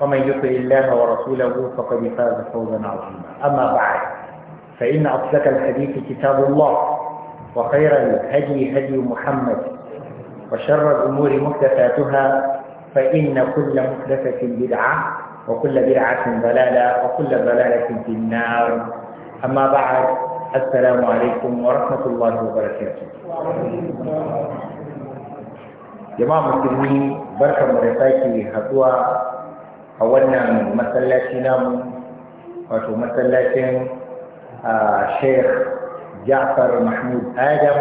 ومن يطع الله ورسوله فقد فاز فوزا عظيما أما بعد فإن أصدق الحديث كتاب الله وخير الهدي هدي محمد وشر الأمور محدثاتها فإن كل محدثة بدعة وكل بدعة ضلالة وكل ضلالة في النار أما بعد السلام عليكم ورحمة الله وبركاته جماعة المسلمين بركة مرتاكي هدوء a wannan masallaci namu wato masallacin a sheikh ja'far mahmud adam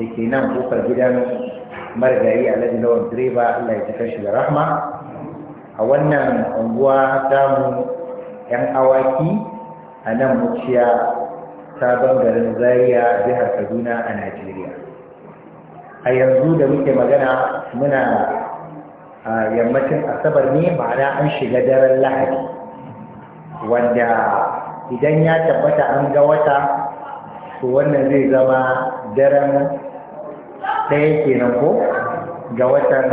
da ke nan kofar gidan margari a lawan direba allah ya tafi shi da rahma a wannan unguwa samu yan awaki a nan muciya ta bangaren zariya jihar kaduna a najeriya a yanzu da muke magana muna a yammacin asabar ne ma'ana an shiga daren lahadi wanda idan ya tabbata an ga wata to wannan zai zama daren ɗaya kenan ko ga watan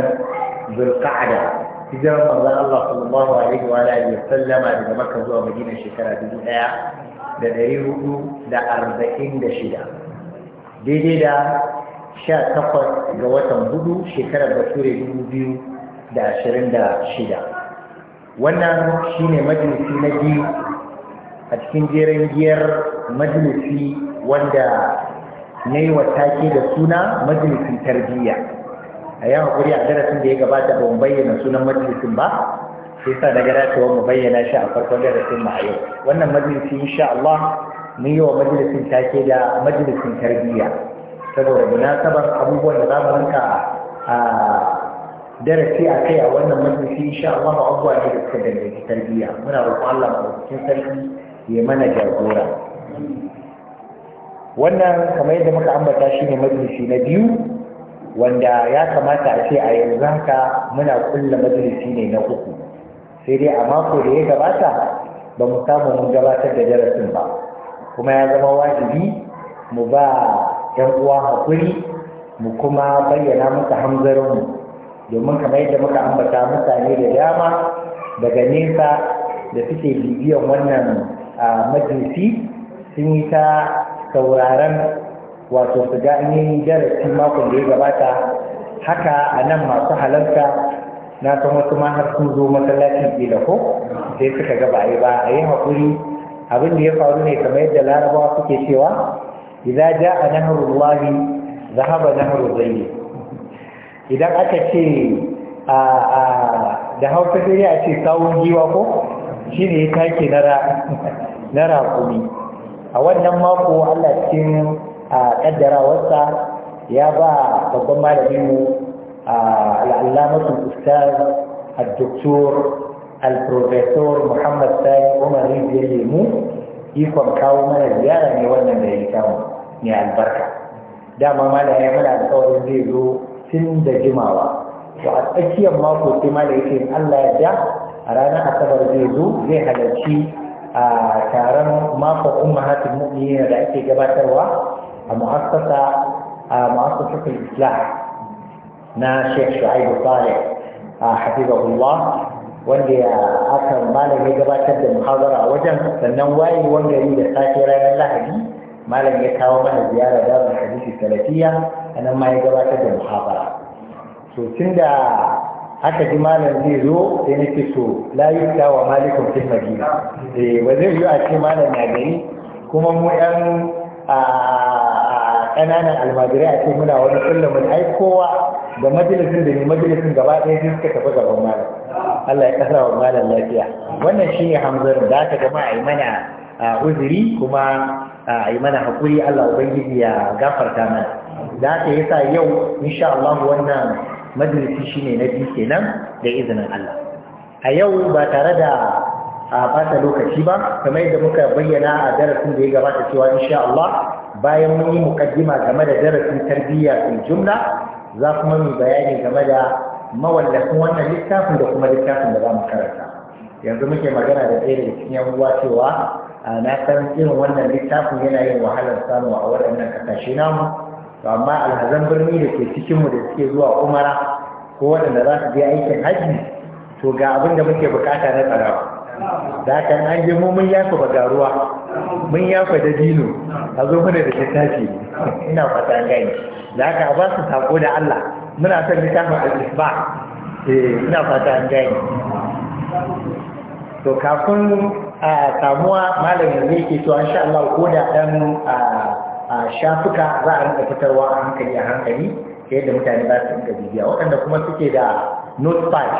zulqa'ada hijirar manzon Allah sallallahu alaihi wa alihi sallama daga Makka zuwa Madina shekara dubu ɗaya da ɗari da arba'in da shida daidai da sha takwas ga watan hudu shekarar bature dubu biyu da ashirin da shida wannan shi ne majalisi na biyu a cikin jerin giyar majalisi wanda na yi take da suna majalisin tarbiyya a yan hakuri a darasin da ya gabata ba mu bayyana sunan majalisin ba sai sa daga dacewa mu bayyana shi a farkon darasin mu a yau wannan majalisi insha Allah mun yi wa majalisin take da majalisin tarbiyya saboda munasabar abubuwan da za mu rinka a darasi a kai a wannan majalisi insha Allah abubuwa ne da suka danganci tarbiyya muna roƙon Allah cikin sarki ya mana jagora wannan kamar yadda muka ambata shine majalisi na biyu wanda ya kamata a ce a yanzu haka muna kulla majalisi ne na uku sai dai a mako da ya gabata ba mu samu mun gabatar da darasin ba kuma ya zama wajibi mu ba 'yan uwa hakuri mu kuma bayyana muka hanzarinmu domin kamar yadda muka ambata mutane da dama daga nesa da suke bibiyan wannan majalisi sun yi ta sauraron wato su ga yi darasi makon da ya gabata haka a nan masu halarta na san wasu ma har sun zo masallacin da ko sai suka ga ba ba a yi haƙuri abin da ya faru ne kamar yadda larabawa suke cewa ja a ja'a nahrullahi zahaba nahru zayyid idan aka ce da hausa dai a ce sawun giwa ko shi ne take na raƙumi a wannan mako allah cikin wasa ya ba babban malaminu al'allamatu ustaz al-doktor al-professor muhammad sani umar rijiyar lemu ikon kawo mana ziyara ne wannan da ya yi kawo ne albarka dama mana ya mana alkawarin zai zo tun da jimawa to a tsakiyar mako sai ma da yake Allah ya ja a ranar asabar zai zo zai halarci a taron mako ummahatul mu'minin da ake gabatarwa a mu'assasa a mu'assasatul islam na Sheikh Shu'aibu Saleh a hafizahullah wanda ya aka malam ya gabatar da muhawara wajen sannan wayewar gari da safe ranar lahadi malam ya kawo mana ziyara darul hadisi salafiya anan ma ya gabatar da muhabara to tunda aka ji malam zai zo sai nake to la yukta wa malikum fil madina eh ba zai yi a ce malam na gari kuma mu yan ƙananan almajirai a ce muna wani kullum ai kowa da majalisin da ne majalisin gaba ɗaya sun suka tafi gaban malam Allah ya ƙasa wa malam lafiya wannan shi ne hamzarin da aka gama a yi mana uzuri kuma a yi mana haƙuri Allah Ubangiji ya gafarta mana za ta sa yau insha Allah wannan majalisi ne na biyu kenan da izinin Allah a yau ba tare da a bata lokaci ba kamar yadda muka bayyana a darasin da ya gabata cewa insha Allah bayan mun yi mukaddima game da darasin tarbiyya fil jumla za kuma mu bayani game da mawallafin wannan littafin da kuma littafin da za mu karanta yanzu muke magana da ɗaya daga cikin yan uwa cewa a na san irin wannan littafin yana yin wahalar samu a waɗannan ƙasashe namu to amma alhazan birni da ke cikinmu da suke zuwa umara ko waɗanda za su je aikin hajji to ga abin da muke bukata na tsarawa da haka an je mu mun yafa bagaruwa mun yafa da dino a zo mana da littafi ina fata gani da ka ba su sako da Allah muna son littafin al-isba eh ina fata gani to kafin a samuwa malamin zai ke to insha Allah ko da dan a shafuka za a rinka fitarwa a hankali a hankali ke yadda mutane za su rinka bibiya waɗanda kuma suke da notepad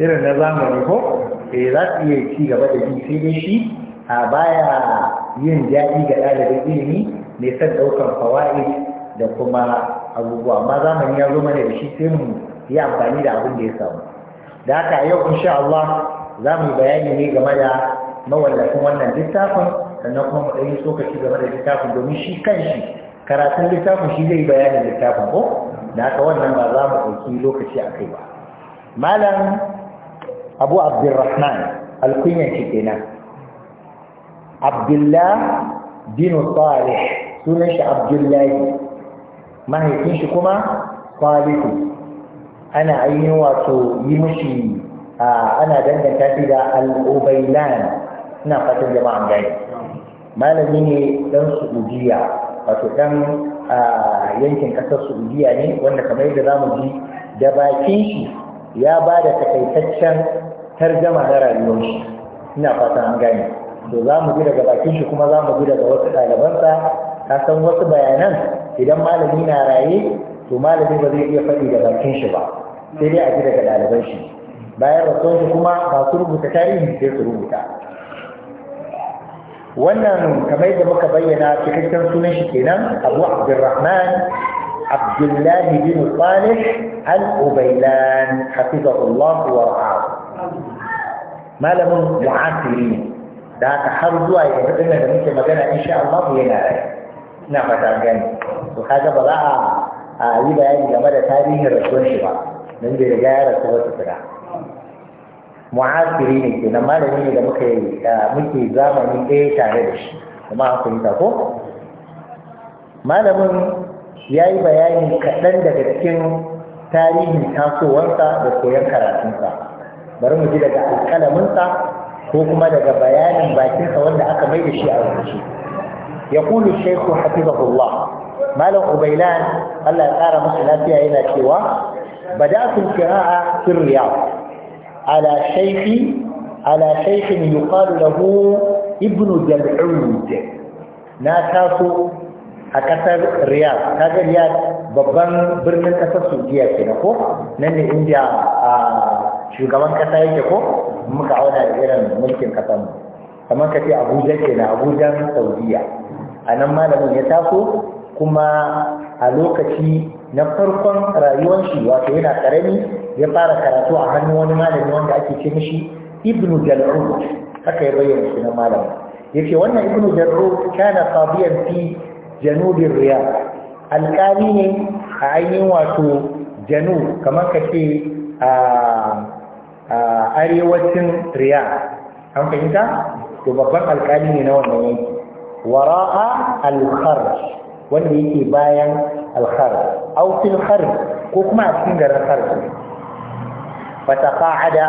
irin na zamani ko eh za su iya ci gaba da bi sai dai shi a baya yin daɗi ga ɗalibin ilimi ne san ɗaukar fawaid da kuma abubuwa amma zamani ya zo mana da shi sai mu yi amfani da abin da ya samu da haka yau insha Allah za mu bayani ne game da mawallafin wannan littafin sannan kuma mu ɗari tsokaci game da littafin domin shi kanshi karatun littafin shi zai bayanin littafin ko da haka wannan ba za mu ɗauki lokaci a kai ba malam abu abdurrahman alkunyan shi kenan abdullah bin salih sunan shi abdullahi mahaifin shi kuma salihu ana ainihin wato yi mushi ana danganta shi da al'ubailan ina fatan jama'a an gane malami ne dan su'udiya. wato dan yankin kasar su'udiya ne wanda kamar yadda zamu ji da bakin shi ya ba da takaitaccen tarjama na rayuwar shi ina fatan an gane to za mu ji daga bakin shi kuma za mu ji daga wasu ɗalibansa ka san wasu bayanan idan malami na raye to malami ba zai iya faɗi da bakin shi ba sai dai a ji daga ɗaliban shi bayan rasuwan shi kuma masu rubuta tarihi sai su rubuta wannan kamar da muka bayyana cikakken sunan shi kenan abu abdurrahman abdullahi bin salih al-ubaylan hafizahullah wa ra'ahu malamin mu'asiri da haka har zuwa yanzu dinnan da muke magana insha Allah yana rai ina fata gani to kaga ba za a yi bayani game da tarihin rasuwar shi ba nan da ya rasu wasu tsira mu'asiri ne ke nan malami ne da muka muke zamani ɗaya tare da shi kuma an fahimta ko malamin ya yi bayani kaɗan daga cikin tarihin tasowarsa da koyon karatunsa bari mu ji daga alƙalaminsa ko kuma daga bayanin bakinsa wanda aka mai da shi a rubuce ya kulu shaiku hafizahullah malam ubailan allah ya tsara masa lafiya yana cewa sun kira a الرياض على شيخ على شيخ يقال له ابن جلعود ناتاسو a kasar riyadh kaga riyadh babban birnin kasar saudiya ke ko nan ne inda a shugaban kasa yake ko muka auna da irin mulkin kasar mu kamar ka ce abuja ke na abuja saudiya a nan malamin ya taso kuma a lokaci na farkon rayuwar shi wato yana karami ya fara karatu a hannun wani malami wanda ake ce mishi ibnu jal'ud haka ya bayyana shi na malam yace wannan ibnu jal'ud kana qadiyan fi janubin riyad alƙali ne a ainihin wato janu kamar ka ce a arewacin riyad an fahimta to babban alƙali ne na wannan yanki wara'a al-kharj wanda yake bayan alkhar aw fil khar ko kuma a cikin garin khar fa taqa'ada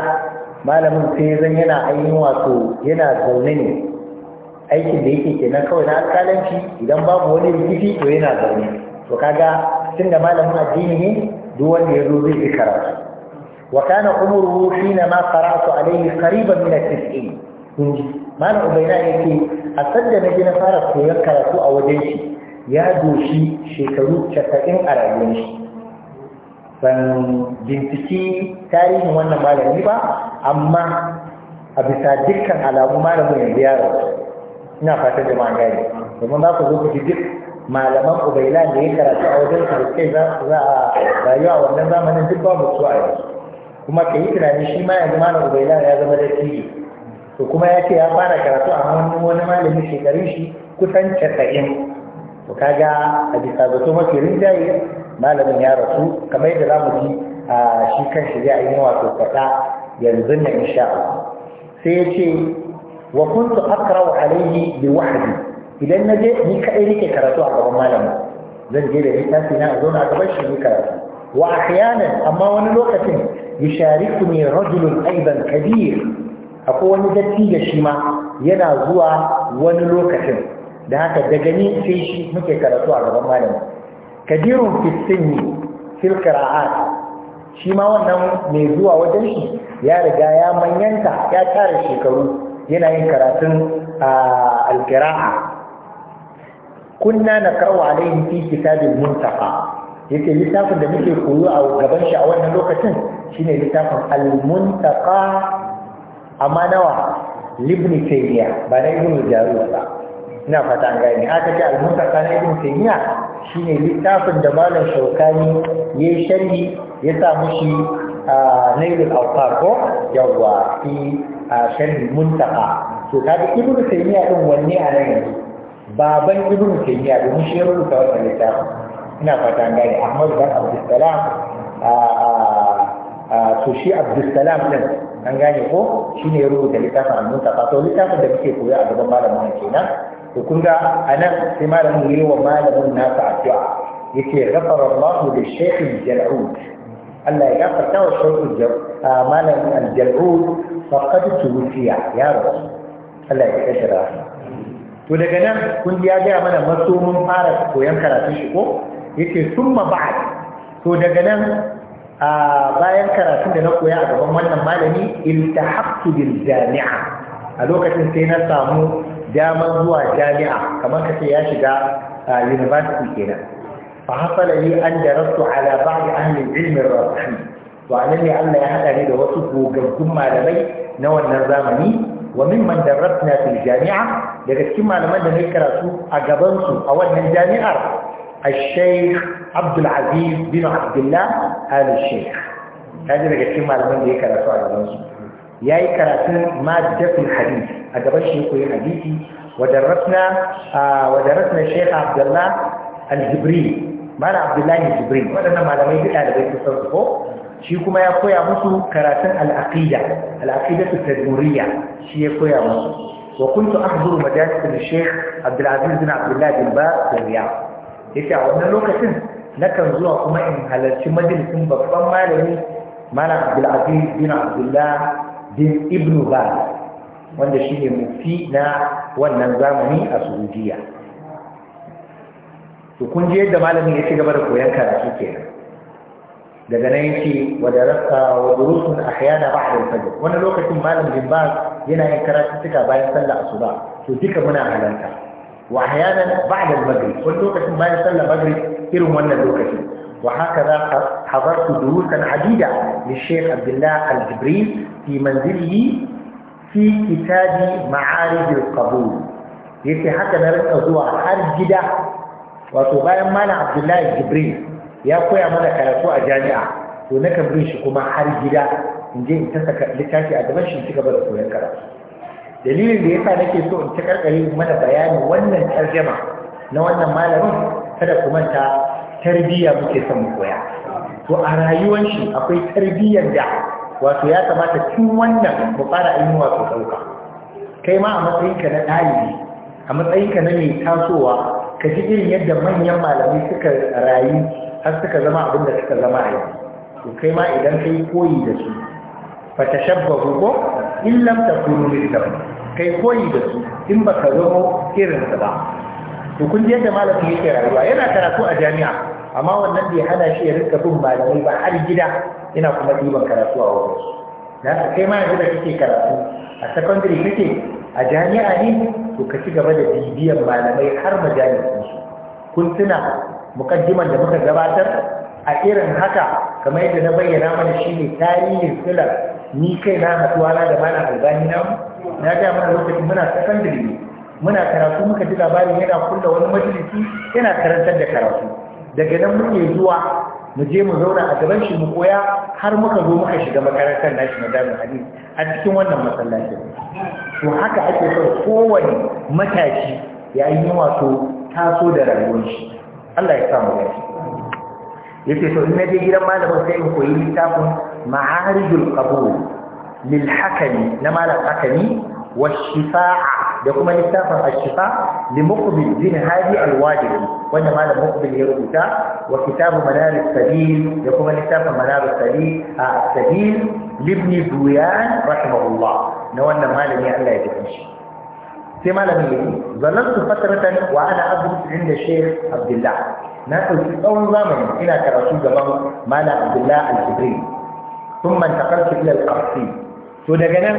malamin sai zan yana ainihin wato yana zaune ne aikin da yake kenan kawai na alƙalanci idan babu wani rikici to yana zaune to kaga tunda malamin addini ne duk wanda ya zo zai yi karatu wa kana umruhu hina ma qara'tu alayhi qariban min at-tis'in kunji malam ubaina yake a sanda na na fara koyan karatu a wajen shi ya doshi shekaru casa'in a rayuwar shi ban bincike tarihin wannan malami ba amma a bisa dukkan alamu malamin yanzu ya rasu ina fatan da magani. domin za ku zo ku ji duk malaman ubaila da ya karatu a wajen sarkai za a rayuwa wannan zamanin duk babu su a yanzu kuma ka yi tunani shi ma yanzu malam ubaila ya zama da tiri to kuma ya ce ya fara karatu a hannun wani malami shekarun shi kusan casa'in to kaga a bisa zato mafi rinjaye malamin ya rasu kamar yadda za mu ji a shi kan shi ya yi wato faɗa yanzu na insha sai ya ce wa kuntu akra'u alayhi bi wahdi idan na je ni kadai nake karatu a gaban malamin zan je da littafi na zo na gaban shi ni karatu wa ahyanan amma wani lokacin yusharikuni rajulun aidan kabir akwai wani datti da shi ma yana zuwa wani lokacin da haka daga ni sai shi muke karatu a gaban malami kadirun fitinni fil qira'at shi ma wannan mai zuwa wajen shi ya riga ya manyanta ya tara shekaru yana yin karatun al-qira'a kunna naqra'u alayhi fi kitabil muntaqa yake littafin da muke koyo a gaban shi a wannan lokacin shine littafin al-muntaqa amma nawa libni taymiya ba na ibn jarud ba ina fata an gani haka ce al-mustaqqa na ibn taymiya shine littafin da malam shaukani yayi shari ya sa mushi nailul awqar ko yawa fi shari muntaka to kaga ibn taymiya din wanne a nan yanzu baban ibn taymiya domin shi ya rubuta wannan littafin ina fata an gani ahmad bin a to shi abdussalam din an gane ko shine ya rubuta littafin al to littafin da muke koya a gaban malamin kenan to anan sai malamin yi wa malamin nasa addu'a yake gafara Allah da shekin jal'ud Allah ya gafarta wa shekhin malamin jal'ud faqad tuwfiya ya rasu Allah ya kashe rasu to daga nan kun ya gaya mana maso mun fara koyon karatun shi ko yake summa ba'd to daga nan a bayan karatun da na koya a gaban wannan malami iltahaqtu bil jami'a a lokacin sai na samu damar zuwa jami'a kamar ka ce ya shiga university kenan fa hasala li an darastu ala ba'd ahli ilmi rafi to ne Allah ya hada ni da wasu gogaggun malamai na wannan zamani wa mimman darasna fil jami'a daga cikin malaman da nayi karatu a gaban su a wannan jami'ar al-Sheikh Abdul Aziz bin Abdullah al-Sheikh kaje daga cikin malaman da ya karatu a gaban su ya yi karatun maddatul hadith a gaban shi koyi hadisi wadarasna wadarasna sheikh abdullah al-jibril mana abdullahi jibril waɗannan malamai biya da bai kusan su ko shi kuma ya koya musu karatun al-aqida al-aqida tadmuriyya shi ya koya musu wa kuntu ahduru majalis al-sheikh abdul aziz bin abdullah bin baz riya yace a wannan lokacin nakan zuwa kuma in halarci majalisin babban malami malam abdul aziz bin abdullah bin ibn baz wanda shi shine mufti na wannan zamani a saudiya to kun ji yadda malamin ya ci gaba da koyon karatu kenan daga nan yace wa darasa wa durusun ahyana ba'da al-fajr wani lokacin malam bin baz yana yin karatu tuka bayan sallah asuba to duka muna halarta wa ahyanan ba'da al-maghrib wani lokacin bayan sallah maghrib irin wannan lokacin وهكذا حضرت دروسا عديدة للشيخ عبد الله الجبريل في منزله في كتاب معارج القبول يتي حتى نرد أزوع هر جدا وتغير مانا عبد الله الجبريل يا أخوي أمانا كالتو أجانعة هناك بريش كما هر جدا in je in ta saka littafi a gaban shi ci gaba da koyon karatu dalilin da yasa nake so in ta karkare mana bayanin wannan tarjama na wannan malamin kada ku manta tarbiyya muke son mu koya to a rayuwar shi akwai tarbiyyar da wato ya kamata tun wannan mu fara ainihin wato ɗauka kai ma a matsayinka na ɗalibi a matsayinka na mai tasowa ka ji irin yadda manyan malamai suka rayu har suka zama abin da suka zama a yau to kai ma idan kai koyi da su fa tashabbahu ko in lam takunu mithlahu kai koyi da su in baka zama irin su ba to kun yadda malamin yake rayuwa yana karatu a jami'a amma wannan bai hana shi ya rinka bin malamai ba har gida yana kuma ɗiban karatu a wurin Na da haka kai ma yanzu da kake karatu a secondary kake a jami'a ne to ka ci gaba da bibiyan malamai har majalisun su kun tuna mukaddiman da muka gabatar a irin haka kamar yadda na bayyana mana shine tarihin silar ni kai na haɗuwa na da malam albani na na ga mana lokacin muna secondary ne muna karatu muka ji labarin yana kulla wani majalisi yana karantar da karatu daga nan muke zuwa mu je mu zauna a gaban shi mu koya har muka zo muka shiga makarantar nashi na jami'ar hadisi a cikin wannan masallacin to haka ake so kowane matashi ya yi wato taso da rayuwar shi Allah ya samu Ya yace to in naje gidan malamin sai in koyi littafin ma'arijul qabul lil hakami na malam hakami wa shifa'a da kuma littafin ashifa li muqbil bin hadi al-wajidi wanda malam mukbil ya rubuta wa kitabu manar sabil da kuma littafin manar sabil a sabil libni duyan rahimahullah na wannan malami Allah ya tafi shi sai malamin yake zallantu fataratan wa ana adrusu inda sheikh abdullah na ɗauki tsawon zamani ina karatu gaban malam abdullah al-jibril ثم انتقلت الى القرطي to daga nan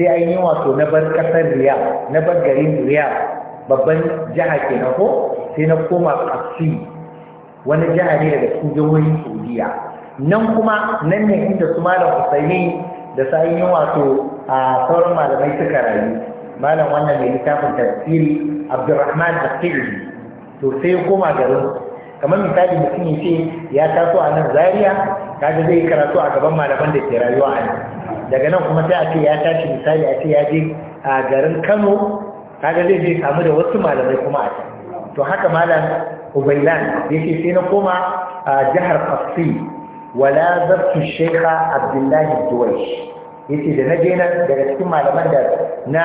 sai an yi wato na bar kasar riya na bar garin riya babban jiha ke na ko sai na koma kasi wani jiha ne daga cikin jihohin saudiya nan kuma nan ne inda su malam husaini da sa'in yi wato a sauran malamai suka rayu malam wannan mai littafin tafsiri abdurrahman asiri to sai koma garin kamar misali mutum ya ce ya taso a nan Zariya, kaga zai karatu a gaban malaman da ke rayuwa a nan daga nan kuma sai a ce ya tashi misali a ce ya je a garin kano kaga zai je kamu da wasu malamai kuma a can to haka malam ubailan ya ce sai na koma a jihar fasi wala zartu shekha abdullahi duwaish ya ce da na je nan daga cikin malaman da na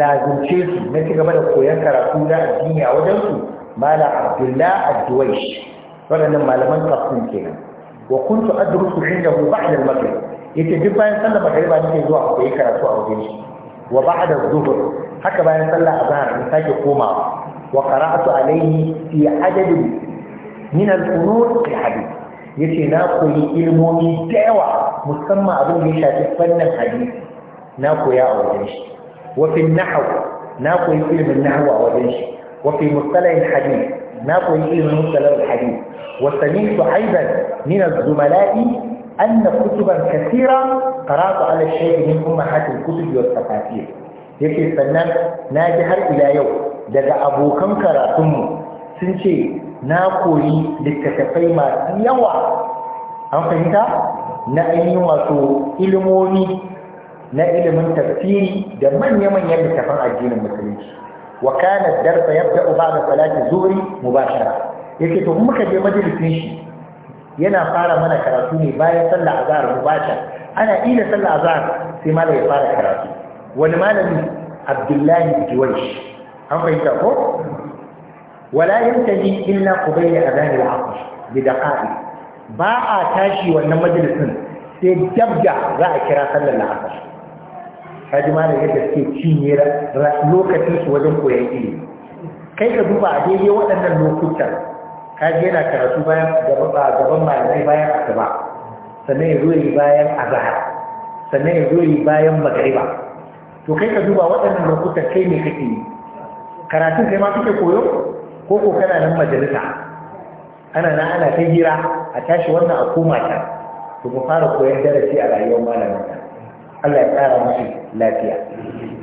lazumce su na ci gaba da koyon karatu na addini a wajensu malam abdullahi duwaish waɗannan malaman kafin kenan wa kuntu adrusu indahu ba'da al-maghrib yace duk bayan sallar magariba nake zuwa ku yi karatu a wajen shi wa ba'da zuhur haka bayan sallar azhar in sake komawa wa qara'atu alayhi fi adadin min al-qunut fi hadith yace na koyi ilmomi da yawa musamman abin da ya shafi fannin hadisi na koya a wajen shi wa fi nahw na koyi ilmin nahw a wajen shi wa fi mustalah al-hadith na koyi ilmin mustalah al-hadith wa sami'tu aidan min az-zumala'i أن كتبا كثيرة قرأت على الشيء من أمهات الكتب والتفاسير yake sannan na ji har ila yau daga abokan karatunmu sun ce na koyi littattafai masu yawa an fahimta na ainihin ilimomi na ilimin tafsiri da manya-manyan littattafan addinin musulunci wa kana darsa yabda ba da salati zuri mubashara yake to muka je majalisin shi yana fara mana karatu ne bayan sallah azhar mubasha ana ila sallah azhar sai malam ya fara karatu wani malami Abdullahi Juwaish an fahimta ko wala yantahi illa qabila adhan al-'asr bi daqa'iq ba a tashi wannan majalisin sai dabda za a kira sallar la'asar kaji malam yadda suke cinye lokacin su wajen koyon ilimi kai ka duba a daidai waɗannan lokutan kaji yana karatu bayan gaban malamai bayan asuba sannan ya zo yi bayan azahar sannan ya zo yi bayan magariba to kai ka duba waɗannan lokutan kai ne kake yi karatun kai ma kake koyo ko ko kana nan majalisa ana nan ana ta hira a tashi wannan a koma ta to mu fara koyon darasi a rayuwar malamin Allah ya tsara musu lafiya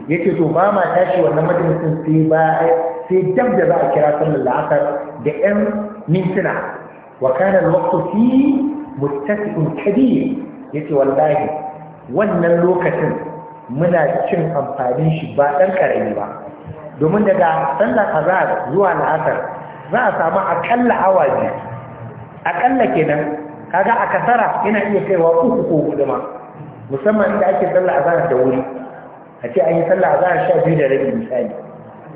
yake to ba ma tashi wannan majalisin sai ba sai dab da za a kira sallar la'asar da 'yan mintuna wa kana al-waqtu fi muttasi'un kabir yace wallahi wannan lokacin muna cin amfanin shi ba ɗan ƙarami ba domin daga sallar azhar zuwa la'asar za a samu akalla awaji akalla kenan kaga a kasara yana iya kaiwa uku ko hudu ma musamman da ake sallar azhar da wuri a ce an yi sallar azhar sha biyu da rabi misali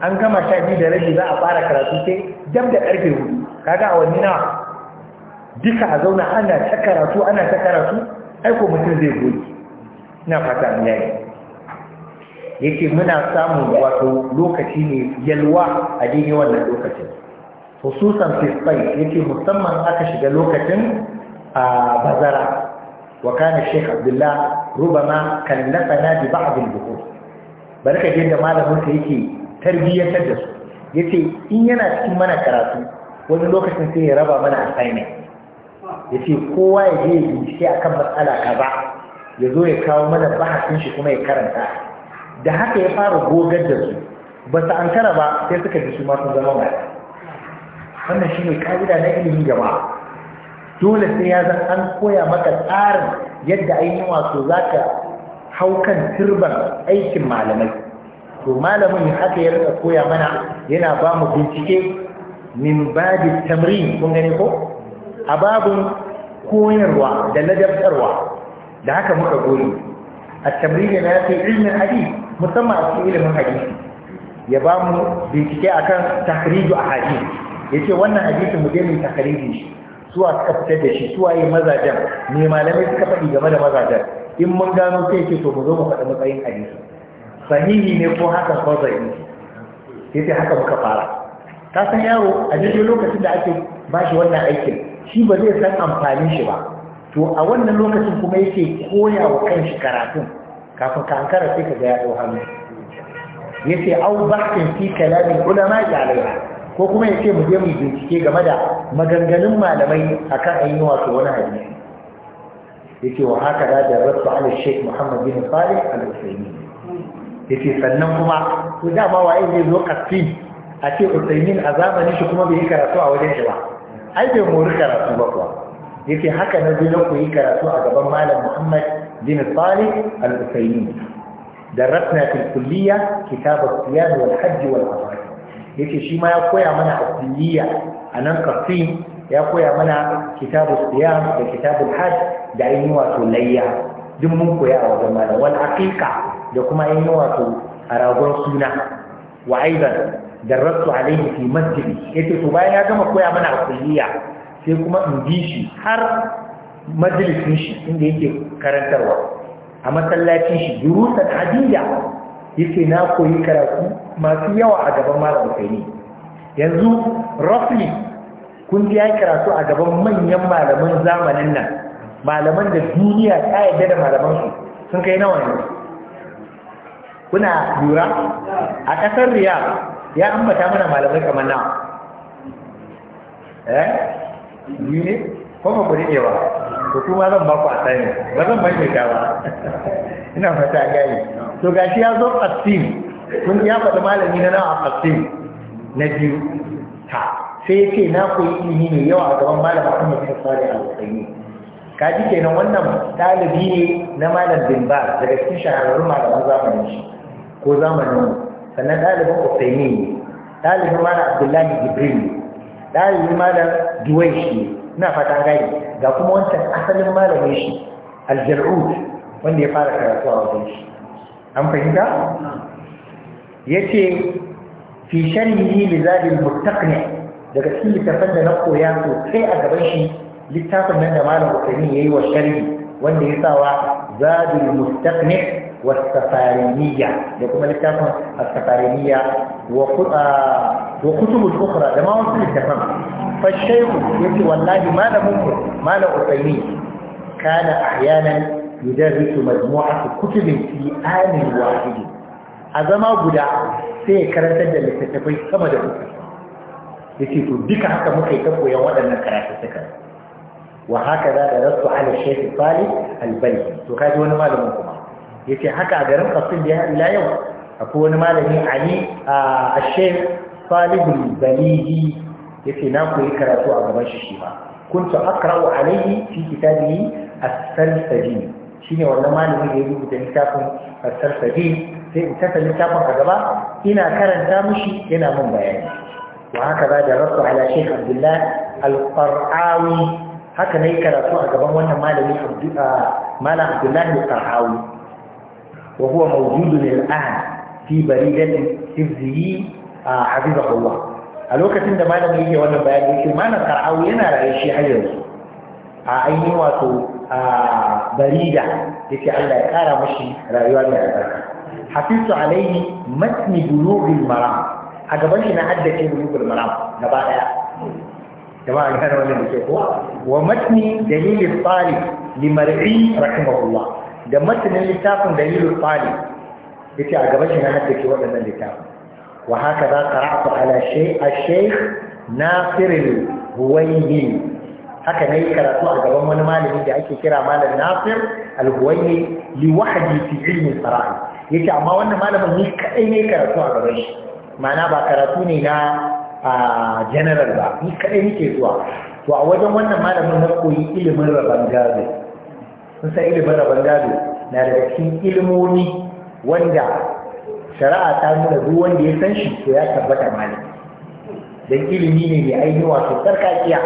an gama sha biyu da rabi za a fara karatu sai dab da karfe hudu kaga awanni na duka a zauna ana ta karatu ana ta karatu aiko mutum zai goyi na fata yayi yake muna samun wato lokaci ne yalwa a dini wannan lokacin hususan fisfai yake musamman aka shiga lokacin a bazara wa kana sheikh abdullah rubama kallafana bi ba'd al-buhur barka da malamin sa yake tarbiyyatar da su yace in yana cikin mana karatu wani lokacin sai ya raba mana assignment ya ce kowa ya je ya bincike a kan matsala kaza ya zo ya kawo mana bahasin shi kuma ya karanta da haka ya fara gogar da su ba su ankara ba sai suka ji su masu zama mai wannan shi ne ƙa'ida na ilimin gaba, dole sai ya zan an koya maka tsarin yadda ainihin wato za ka hau kan turban aikin malamai to malamin haka ya rika koya mana yana ba mu bincike min babin tamrin kun gane ko a babin koyarwa da ladabtarwa da haka muka goge, a tamrin na sai ilmin hadisi musamman a cikin ilimin hadisi ya ba mu bincike akan tahriju a hadisi yace wannan hadisi mu je mu tahriji shi suwa suka fitar da shi suwa yi mazajen me malamai suka faɗi game da mazajen in mun gano sai ce to mu zo mu faɗi matsayin hadisi sahihi ne ko haka ko zai yace haka muka fara ka san yaro a daidai lokacin da ake ba shi wannan aikin shi ba zai san amfanin shi ba to a wannan lokacin kuma yake koya wa kanshi karatun kafin ka hankara sai ka ga ya ɗau hannu ya ce au bakin fi kalamin ulama jalaiha ko kuma ya ce mu je mu bincike game da maganganun malamai akan yi wato wani hadisi ya ce wa haka da da rasu ala sheik muhammad bin salih al-usaini ya ce sannan kuma to dama waye zai zo kafin a ce usaimin a zamanin shi kuma bai yi karatu a wajen shi ba ai bai mori karatu ba kuwa yake haka na je na koyi karatu a gaban malam muhammad bin salih al-usaimin درسنا في الكلية كتاب الصيام والحج والعمرة yake shi ma ya koya mana asiliya a nan kafin ya koya mana kitabu siyam da kitabu hajj da ainihin wato layya duk mun koya a wajen malam wal aqiqa da kuma ainihin wato a ragon suna wa aidan darrastu alaihi fi masjidi yace to bayan ya gama koya mana kulliya sai kuma in bi shi har majalisin shi inda yake karantarwa a masallacin shi durusan hadida yake na koyi karatu masu yawa a gaban masu yanzu roughly kun ji ya karatu a gaban manyan malaman zamanin nan malaman da duniya ta yadda da malaman su sun kai nawa ne kuna lura a kasar riya. ya ambata mana malamai kamar nawa eh ni ne ko ba ku rike ba ko kuma zan ba ku tsaye ba zan ba mai ta ba ina fata gani to gashi ya zo qasim kun ya faɗi malami na nawa qasim na biyu ta sai ce na koyi ilimi ne yawa a gaban malam Muhammad bin Salih al Ka ji kenan wannan dalibi ne na malam Bin Baz daga cikin shahararrun malaman zamanin shi ko zamanin mu sannan ɗalibin usaimi ne ɗalibin malam abdullahi jibril ne ɗalibin malam duwai shi ina fata gari ga kuma wancan asalin malamin shi aljar'ud wanda ya fara karatu a wajen shi an fahimta ya ce fi sharhihi li zadil muttaqni daga cikin littafin da na koya sosai a gaban shi littafin nan da malam ya yi wa sharhi wanda ya sawa zadul mustaqni والسفارينية لكم الكتاب السفارينية وكتب الأخرى لما وصل الكتاب فالشيخ يقول والله ما لم ما لم كان أحيانا يدرس مجموعة كتب في آن واحد أزما قد سيكرت لتتفي كما دفت يقول بك حتى مكيتك ويوانا كراتتك وهكذا درست على الشيخ الطالب البيت وكاد وانا ما لم yace haka a garin qasid ya ila yau akwai wani malami ali a sheikh salihul baligi yace na koyi karatu a gaban shi shi ma kuntu akra'u alayhi fi kitabihi as-salsaji shine wannan malami da ya rubuta littafin as-salsaji sai in kasa littafin a gaba ina karanta mushi yana mun bayani wa haka za da rasu ala sheikh Abdullahi al-qar'awi haka nayi karatu a gaban wannan malami malam abdullahi al وهو موجود الآن في بريد تفزي آه، حفظه الله الوقت عند ما لم يجي وانا بيان ما نذكر او ينا على شيء حيث آه، اي نواته آه، بريدة لكي على يقار مشي رأيواني عبارك حفظت عليه متن بلوغ المرام أقبل أن أعد في بلوغ المرام نبايا كما أنا وانا بكي هو ومتن دليل الطالب لمرعي رحمه الله da matanin littafin da dalilul fali yace a gaban shi na haddace waɗannan littafin wa haka za ka ra'atu ala shay ash-shaykh Nasir al-Huwayni haka karatu a gaban wani malami da ake kira malam Nasir al yi li wahdi fi ilmi al Ya ce amma wannan malamin ni kadai ne karatu a gaban shi ma'ana ba karatu ne na general ba ni kadai nake zuwa to a wajen wannan malamin na koyi ilimin rabar gado sun san ilimin rabon gado na daga cikin ilimomi wanda shari'a ta nuna duk wanda ya san shi to ya tabbata mali dan ilimi ne mai ainihi wato tsarkakiya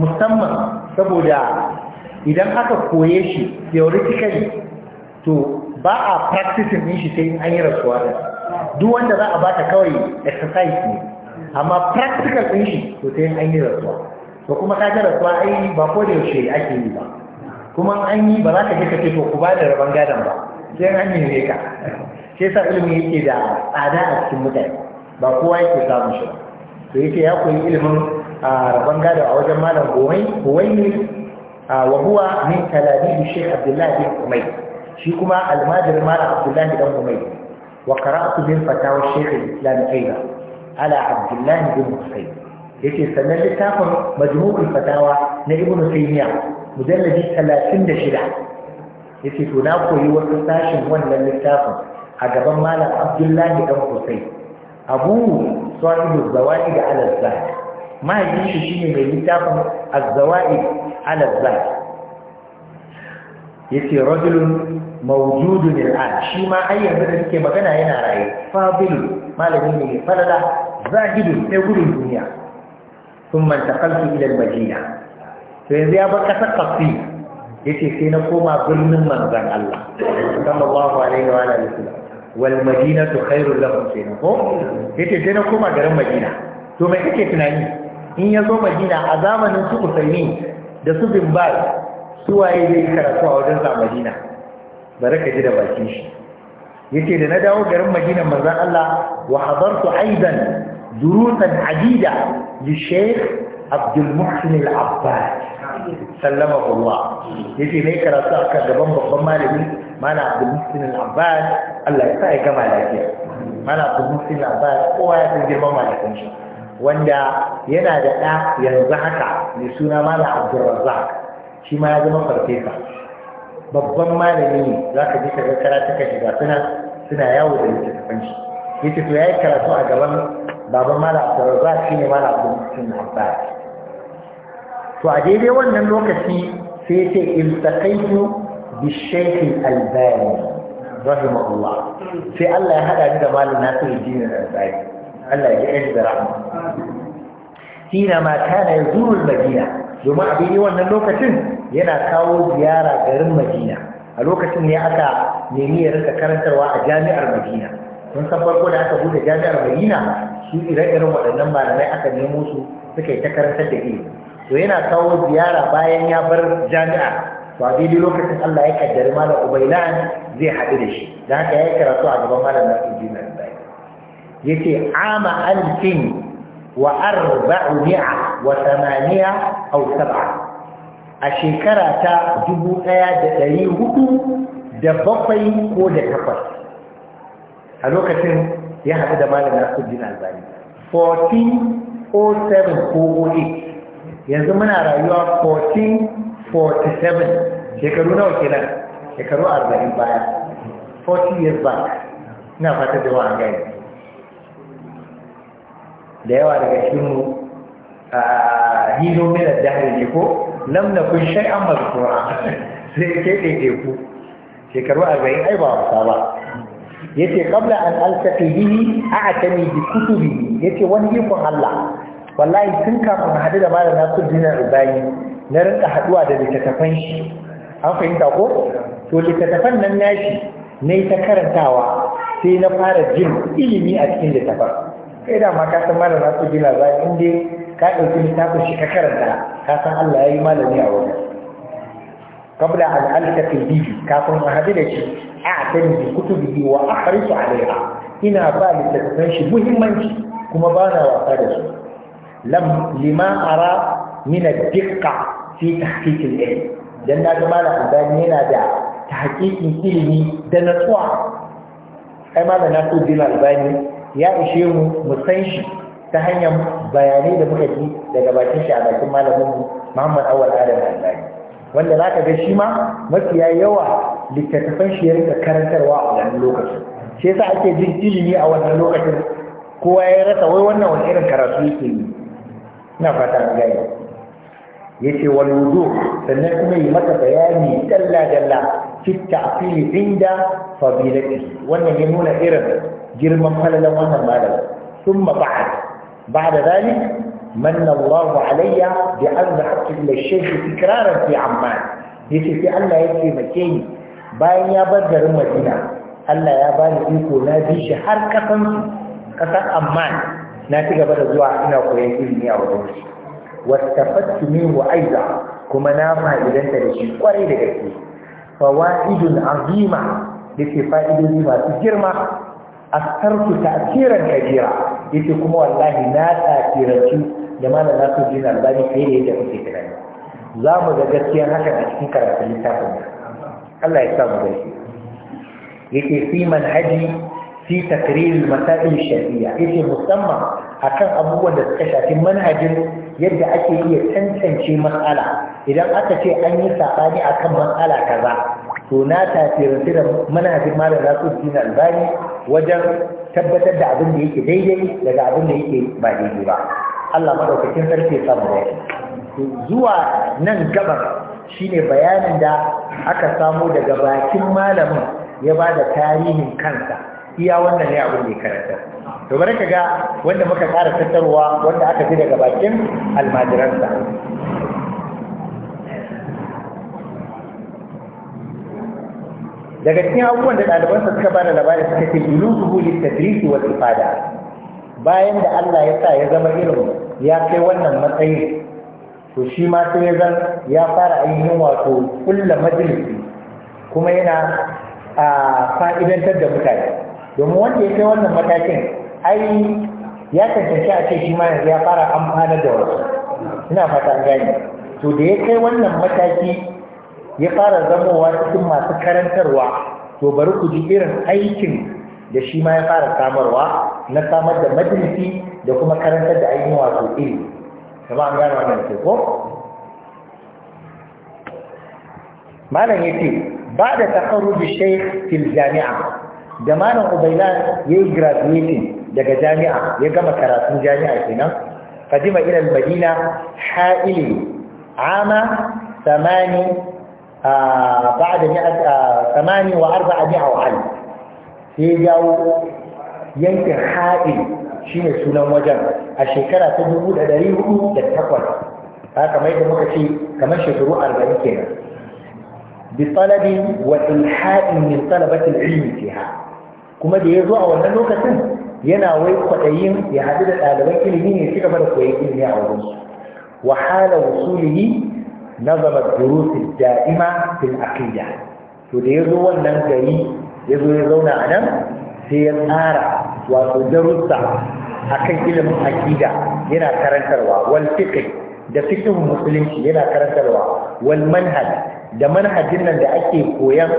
musamman saboda idan aka koye shi theoretically to ba a practicing din shi sai an yi rasuwa da duk wanda za a bata kawai exercise ne amma practical din shi to sai an yi rasuwa to kuma ka ga rasuwa ai ba ko da yaushe ake yi ba kuma an yi ba za ka je ka ce ko ku ba da rabon gadon ba sai an yi ne ka sai sa ilimi yake da tsada a cikin mutane ba kowa yake samu shi ba to yake ya koyi ilimin rabon gadon a wajen malam gowai kowai ne wa huwa min talabi shi abdullahi bin umai shi kuma almajir malam abdullahi dan umai min fatawa shaykh al-islam ayda ala Abdullahi bin بن yake يتي littafin majmu'ul fatawa na لابن taymiyyah mujalladi talatin da shida ya ce to na koyi wasu sashen wannan littafin a gaban malam abdullahi dan kusai abu sahibu zawai da alazza mahaifin shi shine mai littafin azzawai alazza ya ce rajulun mawjudun al'an shi ma ai da take magana yana raye fadilu malami ne falala zahidun sai gudun duniya manta انتقلت إلى madina to yanzu ya bar kasar Ya ce sai na koma birnin manzon Allah sallallahu alaihi wa alihi wasallam wal madinatu khairul lahum sayna ko ce sai na koma garin Madina to me kake tunani in ya zo Madina a zamanin su Usaimi da su Zimbabwe su waye zai karatu a wajen sa Madina baraka ji da bakin shi yace da na dawo garin Madina manzon Allah wa hadartu aidan durusan adida li Sheikh Abdul Muhsin Al-Abbas sallama Allah yace ne karatu aka gaban babban malami mana Abdul Muslim Al-Abbas Allah ya sa ya gama lafiya mana Abdul Muslim Al-Abbas kowa ya san girman malamin shi wanda yana da ɗa yanzu haka mai suna mana Abdul Razzaq shi ma ya zama farfesa babban malami ne za ka ji kaga karatu ka shiga suna suna yawo da littattafan shi ce to ya yi karatu a gaban baban Malam Abdul Razzaq shine Malam Abdul Muslim Al-Abbas to a daidai wannan lokaci sai ya ce iltaqaitu bi shaykh al-albani rahimahullah sai Allah ya hada ni da malam Nasiruddin al-Albani Allah ya ji da rahama hina ma kana yazuru al-Madina domin a daidai wannan lokacin yana kawo ziyara garin Madina a lokacin ne aka nemi ya rika karantarwa a jami'ar Madina mun san farko da aka bude jami'ar Madina su ire-iren waɗannan malamai aka nemo su suka yi ta karantar da ilimi to yana kawo ziyara bayan ya bar jami'a to a daidai lokacin Allah ya kaddari malam Ubailan zai haɗu da shi da haka ya karatu a gaban malam Nasiruddin Albani yace ama alfin wa arba'mi'a wa thamaniya aw sab'a a shekara ta dubu ɗaya da ɗari hudu da bakwai ko da takwas a lokacin ya haɗu da malam Nasiruddin Albani 1407 ko 08 yanzu muna rayuwa 1447 shekaru nawa kenan shekaru 40 baya 40 years back ina fata da wa gani da yawa daga cikinmu a hino milar jihar ne ko lam na kun shai an mazkura sai ke ɗaiɗe ku shekaru 40 ai ba wasa ba yace qabla an alkafi altaqi a atami da kutubi yace wani ikon Allah wallahi tun kafin haɗu da malam nasu dinar rubani na rinka haɗuwa da littattafan shi an fahimta ko to littattafan nan nashi na yi ta karantawa sai na fara jin ilimi a cikin littattafan kai da ma ka san malam nasu dinar rubani in dai ka ɗauki littafin shi ka karanta ka san Allah ya yi malami a wajen kabla an alka bibi kafin a haɗu da shi a atani bi kutubihi wa akhrisu alaiha ina ba littattafan shi muhimmanci kuma ba na wasa da su lam lima ara min ad-diqqa fi tahqiq ilm dan na ga malam albani yana da tahqiqin ilimi da natsuwa ai malam nasuddin albani ya ishe mu mu san shi ta hanyar bayanai da muka ji daga bakin shi a bakin malamin mu Muhammad Awal Adam Albani wanda zaka ga shi ma mafiya yawa littattafan shi ya rika karantarwa a wannan lokacin shi yasa ake jin ilimi a wannan lokacin kowa ya rasa wai wannan wani irin karatu yake yi na fatan gani yace ce wudu sannan kuma yi mata bayani dalla dalla fi ta'fili inda fadilati wannan ya nuna irin girman falalan wannan malam thumma ba'd ba'da zalik manna Allahu alayya bi an dhahabtu ila shaykh ikraran fi amman yace sai Allah ya taimake ni bayan ya bar garin Madina Allah ya bani iko na bi shi har ƙasar amma. na ci gaba da zuwa ina koyon ilimi a wajen shi wattafattu minhu aiza kuma na fa'idanta da shi kwarai da gaske fawaidun azima da ke fa'idoji masu girma ta ta'siran kabira yace kuma wallahi na ta'siranci da malam nasu jin albani fiye da yadda kuke tunani za mu ga gaskiyar hakan a cikin karatun littafin Allah ya sa mu gaske yake fi manhaji fi takrir masail shar'iyya yace musamman akan abubuwan da suka shafi manhajin yadda ake iya tantance matsala idan aka ce an yi sabani akan matsala kaza to na tafiranci da manhajin malam Nasiruddin Albani wajen tabbatar da abin da yake daidai daga abin da yake ba daidai ba Allah madaukakin sarki ya samu daidai zuwa nan gabar shine bayanin da aka samu daga bakin malamin ya ba da tarihin kansa iya wannan ne abin da ya karanta to bari ka ga wanda muka ƙara tattarwa wanda aka fi daga bakin almajiransa daga cikin abubuwan da ɗalibansa suka ba da labari suka ce ilusuhu littattarifi wa ifada bayan da Allah ya sa ya zama irin ya kai wannan matsayin to shi ma sai ya zan ya fara ainihin wato kulla majalisi kuma yana a fa'idantar da mutane domin wanda ya kai wannan matakin ai ya cancanci a ce shi ma ya fara amfana da wasu ina fata gani to da ya kai wannan mataki ya fara zamowa cikin masu karantarwa to bari ku ji irin aikin da shi ma ya fara samarwa na samar da majalisi da kuma karantar da ainihin wato iri kama an gano wannan teku. malam ya ce ba da takarru da shaikh fil jami'a da malam ubaila ya yi graduating daga jami'a ya gama karatun jami'a kenan kadima ila madina ha'ili ama samani ba'da mi'at samani wa arba'a mi'a wa al sai jawo yankin ha'il shine sunan wajen a shekara ta 1408 haka mai da muka ce kamar shekaru 40 kenan bi talabin wa ilhadin min talabatil ilmi fiha kuma da ya zo a wannan lokacin yana wai kwaɗayin ya haɗu da ɗaliban ilimi ne ci gaba da koyon ilimi a wurin su wahala wusulihi zama durusi da'ima fil aqida to da ya zo wannan gari ya zo ya zauna a nan sai ya tsara wato darussa akan ilimin aqida yana karantarwa wal fiqh da fiqh musulunci yana karantarwa wal manhaj da manhajin nan da ake koyan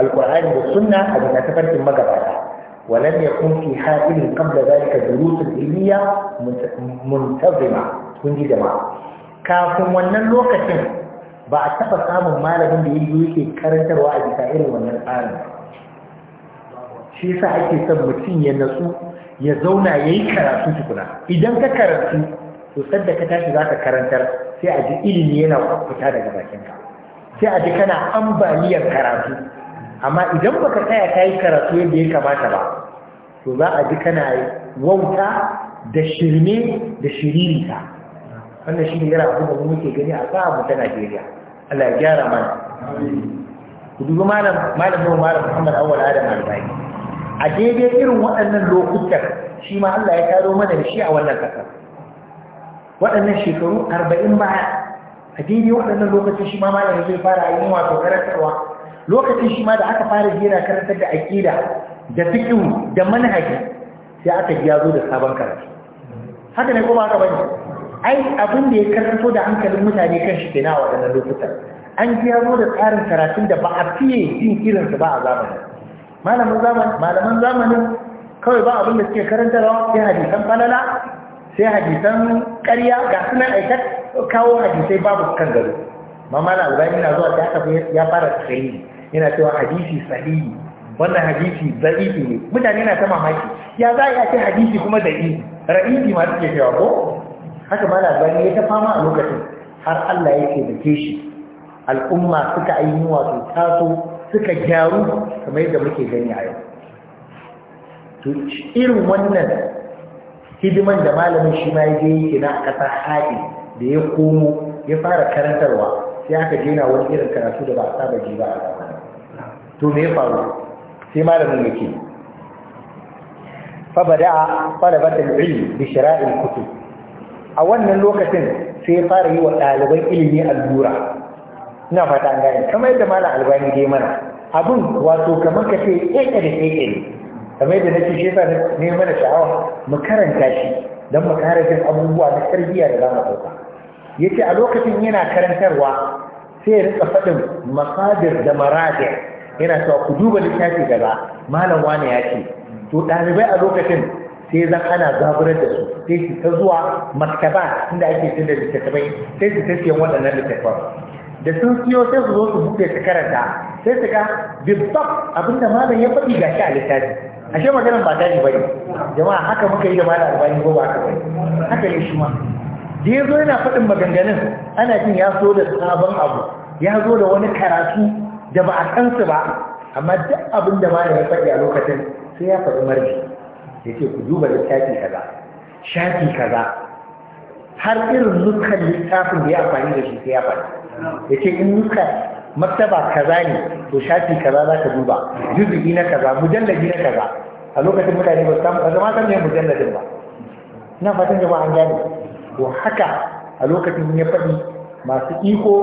alqur'ani da sunna a bisa tafarkin magabata ولم يكن في حاله قبل ذلك دروس علمية منتظمة كنجي جماعة كافم ونن لوكتين ba a taɓa samun malamin da yi yake karantarwa a bisa irin wannan tsarin shi sa ake son mutum ya natsu ya zauna ya yi karatu tukuna idan ka karatu sosai da ka tashi za ka karantar sai a ji ilimi yana fita daga bakinka sai a ji kana ambaliyar karatu amma idan baka tsaya ka karatu yadda ya kamata ba to za a ji kana wauta da shirme da shiririta wannan shi ne yana abin da mu muke gani a sa mu ta Najeriya Allah ya gyara mana ku dubi malam malam mu malam Muhammad Awwal Adam Albani a daidai irin waɗannan lokutan shi ma Allah ya taro mana da shi a wannan kasa waɗannan shekaru 40 baya a daidai waɗannan lokacin shi ma malam ya fara yin wato karantarwa lokacin shi ma da aka fara jera karantar da aƙida da fiƙihu da manhaji sai aka ji ya zo da sabon karatu haka ne kuma aka bani? ai abin da ya karanto da hankalin mutane kan shi kenan a waɗannan lokutan an ji ya zo da tsarin karatun da ba a fiye jin irinsu ba a zamanin malaman zamanin malaman zamanin kawai ba abin da suke karantarwa sai hadisan falala sai hadisan ƙarya ga sunan aikar kawo hadisai babu kan gari mamala albani na zuwa ta aka ya fara tsayi yana cewa hadisi sahihi wannan hadisi da'ifi ne mutane na ta mamaki ya za a ce hadisi kuma da'ifi ra'isi ma suke cewa ko haka ma labari ya ta fama a lokacin har Allah ya ke shi al'umma suka ainihin wato taso suka gyaru kamar yadda muke gani a yau to irin wannan hidiman da malamin shi ma ya je yake na kasar haɗi da ya komo ya fara karantarwa sai aka jena wani irin karatu da ba a saba ji ba a zama to me ya faru sai malamin yake fa bada'a talabata ilmi bi shira'il kutub a wannan lokacin sai fara yi wa ɗaliban ilimi allura ina fata an gane kamar yadda malam albani dai mana abin wato kamar ka ce ƙeƙe da ƙeƙe ne kamar yadda nake shi yasa ne mana sha'awa mu karanta shi don mu kare jin abubuwa na tarbiyya da za mu ɗauka yace a lokacin yana karantarwa sai ya rika faɗin masadir da maradir yana cewa ku duba littafi gaba malam wani ya ce to ɗalibai a lokacin sai zan ana zaburar da su sai su ta zuwa maktaba inda ake cin da littattafai sai su ta siyan waɗannan littattafan da sun siyo sai su zo su buɗe su karanta sai su ga bibbab abinda malam ya faɗi gashi a littafi ashe maganar ba ta bane jama'a haka muka yi da malam albani ko ba haka bane haka ne shi ma da ya zo yana faɗin maganganun ana jin ya so da sabon abu ya zo da wani karatu da ba a kansu ba amma duk abin da malamin ya faɗi a lokacin sai ya faɗi marji ya ce ku duba shafi kaza shafi kaza har irin nukan littafin da ya amfani da shi sai ya faɗi ya ce in nuka, martaba kaza ne to shafi kaza za ka duba Jirgin na kaza mujallabi na kaza a lokacin mutane ba su samu kaza ma san me mujalladin ba ina fatan jama'an gani to haka a lokacin ya faɗi masu iko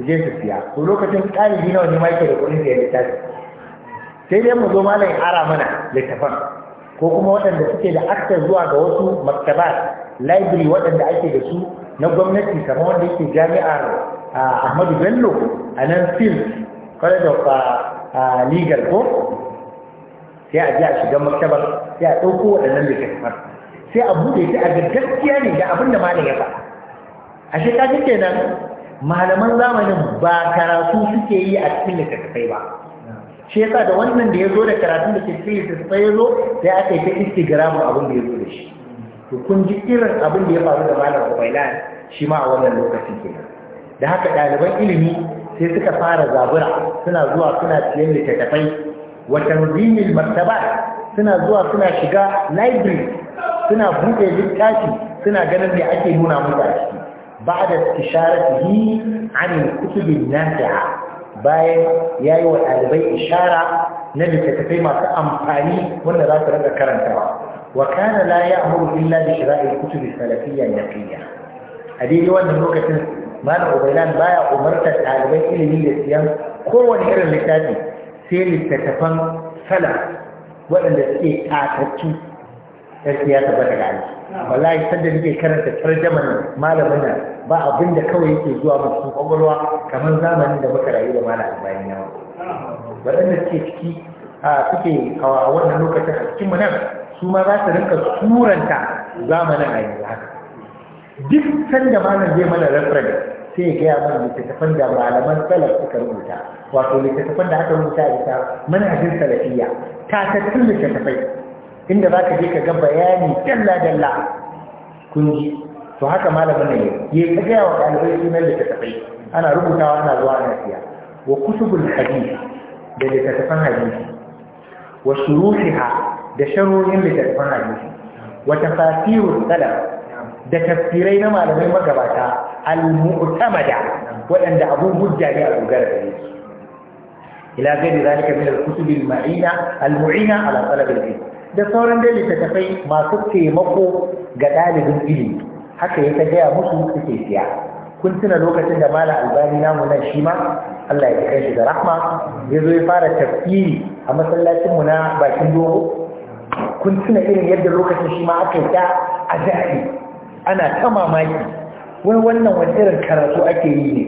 su je su siya to lokacin ɗalibi nawa ne ma yake da kuɗin siya littafi sai dai mu zo malam ara mana littafan ko kuma waɗanda suke da akta zuwa ga wasu maktaba library waɗanda ake da su na gwamnati kamar wanda yake jami'ar ahmadu bello a nan fil, college of legal ko sai a je a shiga maktabar sai a ɗauko waɗannan littafan. sai a buɗe ta a ga gaskiya ne ga abin da malam ya faɗa ashe ka kenan malaman zamanin ba karatu suke yi a cikin littattafai ba shi yasa da wannan da ya zo da karatun da ke cikin littattafai ya zo sai aka yi ta instagramin abin da ya zo da shi to kun ji irin abin da ya faru da malam Ubailan shi ma a wannan lokacin kenan da haka ɗaliban ilimi sai suka fara zabura suna zuwa suna siyan littattafai watan tanzimil martaba suna zuwa suna shiga library suna buɗe littafi suna ganin me ake nuna musu a ciki بعد استشارته عن الكتب النافعة باين ياي والألبي إشارة نبي تتفيما كأمفاني وانا لا ترد كرنتها وكان لا يأمر إلا بشراء الكتب السلفية النقية هذه هو النمركة مانا عبيلان بايا أمرت الألبي إلي ميل السيام كون إلى اللتاتي سيل التتفن سلف وأن السيء أعتدت gaskiya ta bada gani wallahi da nake karanta tarjaman malamin nan ba abin da kawai yake zuwa mu cikin kwakwalwa kamar zamanin da muka rayu da malamin bayan na waɗanda suke ciki a suke a wannan lokacin a cikin nan su ma za su rinka suranta zamanin a yanzu haka duk sanda malam zai mana reference sai ya gaya mana littattafan da malaman salaf suka rubuta wato littattafan da aka rubuta a bisa manhajin salafiyya tatattun littattafai inda za ka je ka ga bayani dalla-dalla kun ji to haka malamin ne ya ta gaya wa ɗalibai sunan littattafai ana rubutawa ana zuwa ana siya wa kutubul hadith da littattafan hadisi wa shuruhiha da sharorin littattafan hadisi wa tafasirus tsada, da tafsirai na malamai magabata al-mu'tamada waɗanda abun hujja ne a dogara da su ila gani zalika min al-kutub al-ma'ina al-mu'ina ala ilm da sauran da littattafai masu taimako ga ɗalibin ilimi haka ya ta gaya musu suke siya kun tuna lokacin da mala albani namu nan shi ma Allah ya kai shi da rahma ya zo ya fara tafsiri a masallacin mu na bakin dogo kun tuna irin yadda lokacin shi ma aka ta a ana ta mamaki wai wannan wani irin karatu ake yi ne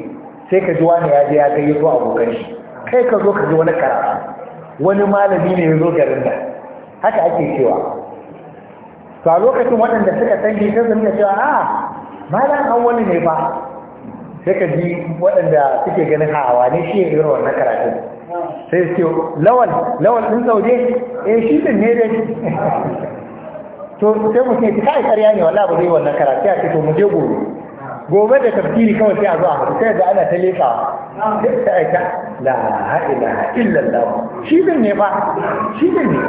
sai ka ji wani ya je ya gayyato abokan shi kai ka zo ka ji wani karatu wani malami ne ya zo garin nan haka ake cewa to a lokacin waɗanda suka san shi sai su cewa a ah, malam wani ne ba sai ka ji waɗanda suke ganin a wani shi ya zira wannan karatu sai su ce lawal lawal ɗin sauje eh shi ɗin ne dai to sai mu ce kai ƙarya ne wallahi ba zai wannan karatu ya ce to mu je gobe gobe da tafsiri kawai sai a zo a haɗu sai ga ana ta leƙa sai ta aika la ilaha illallah shi ɗin ne ba shi ɗin ne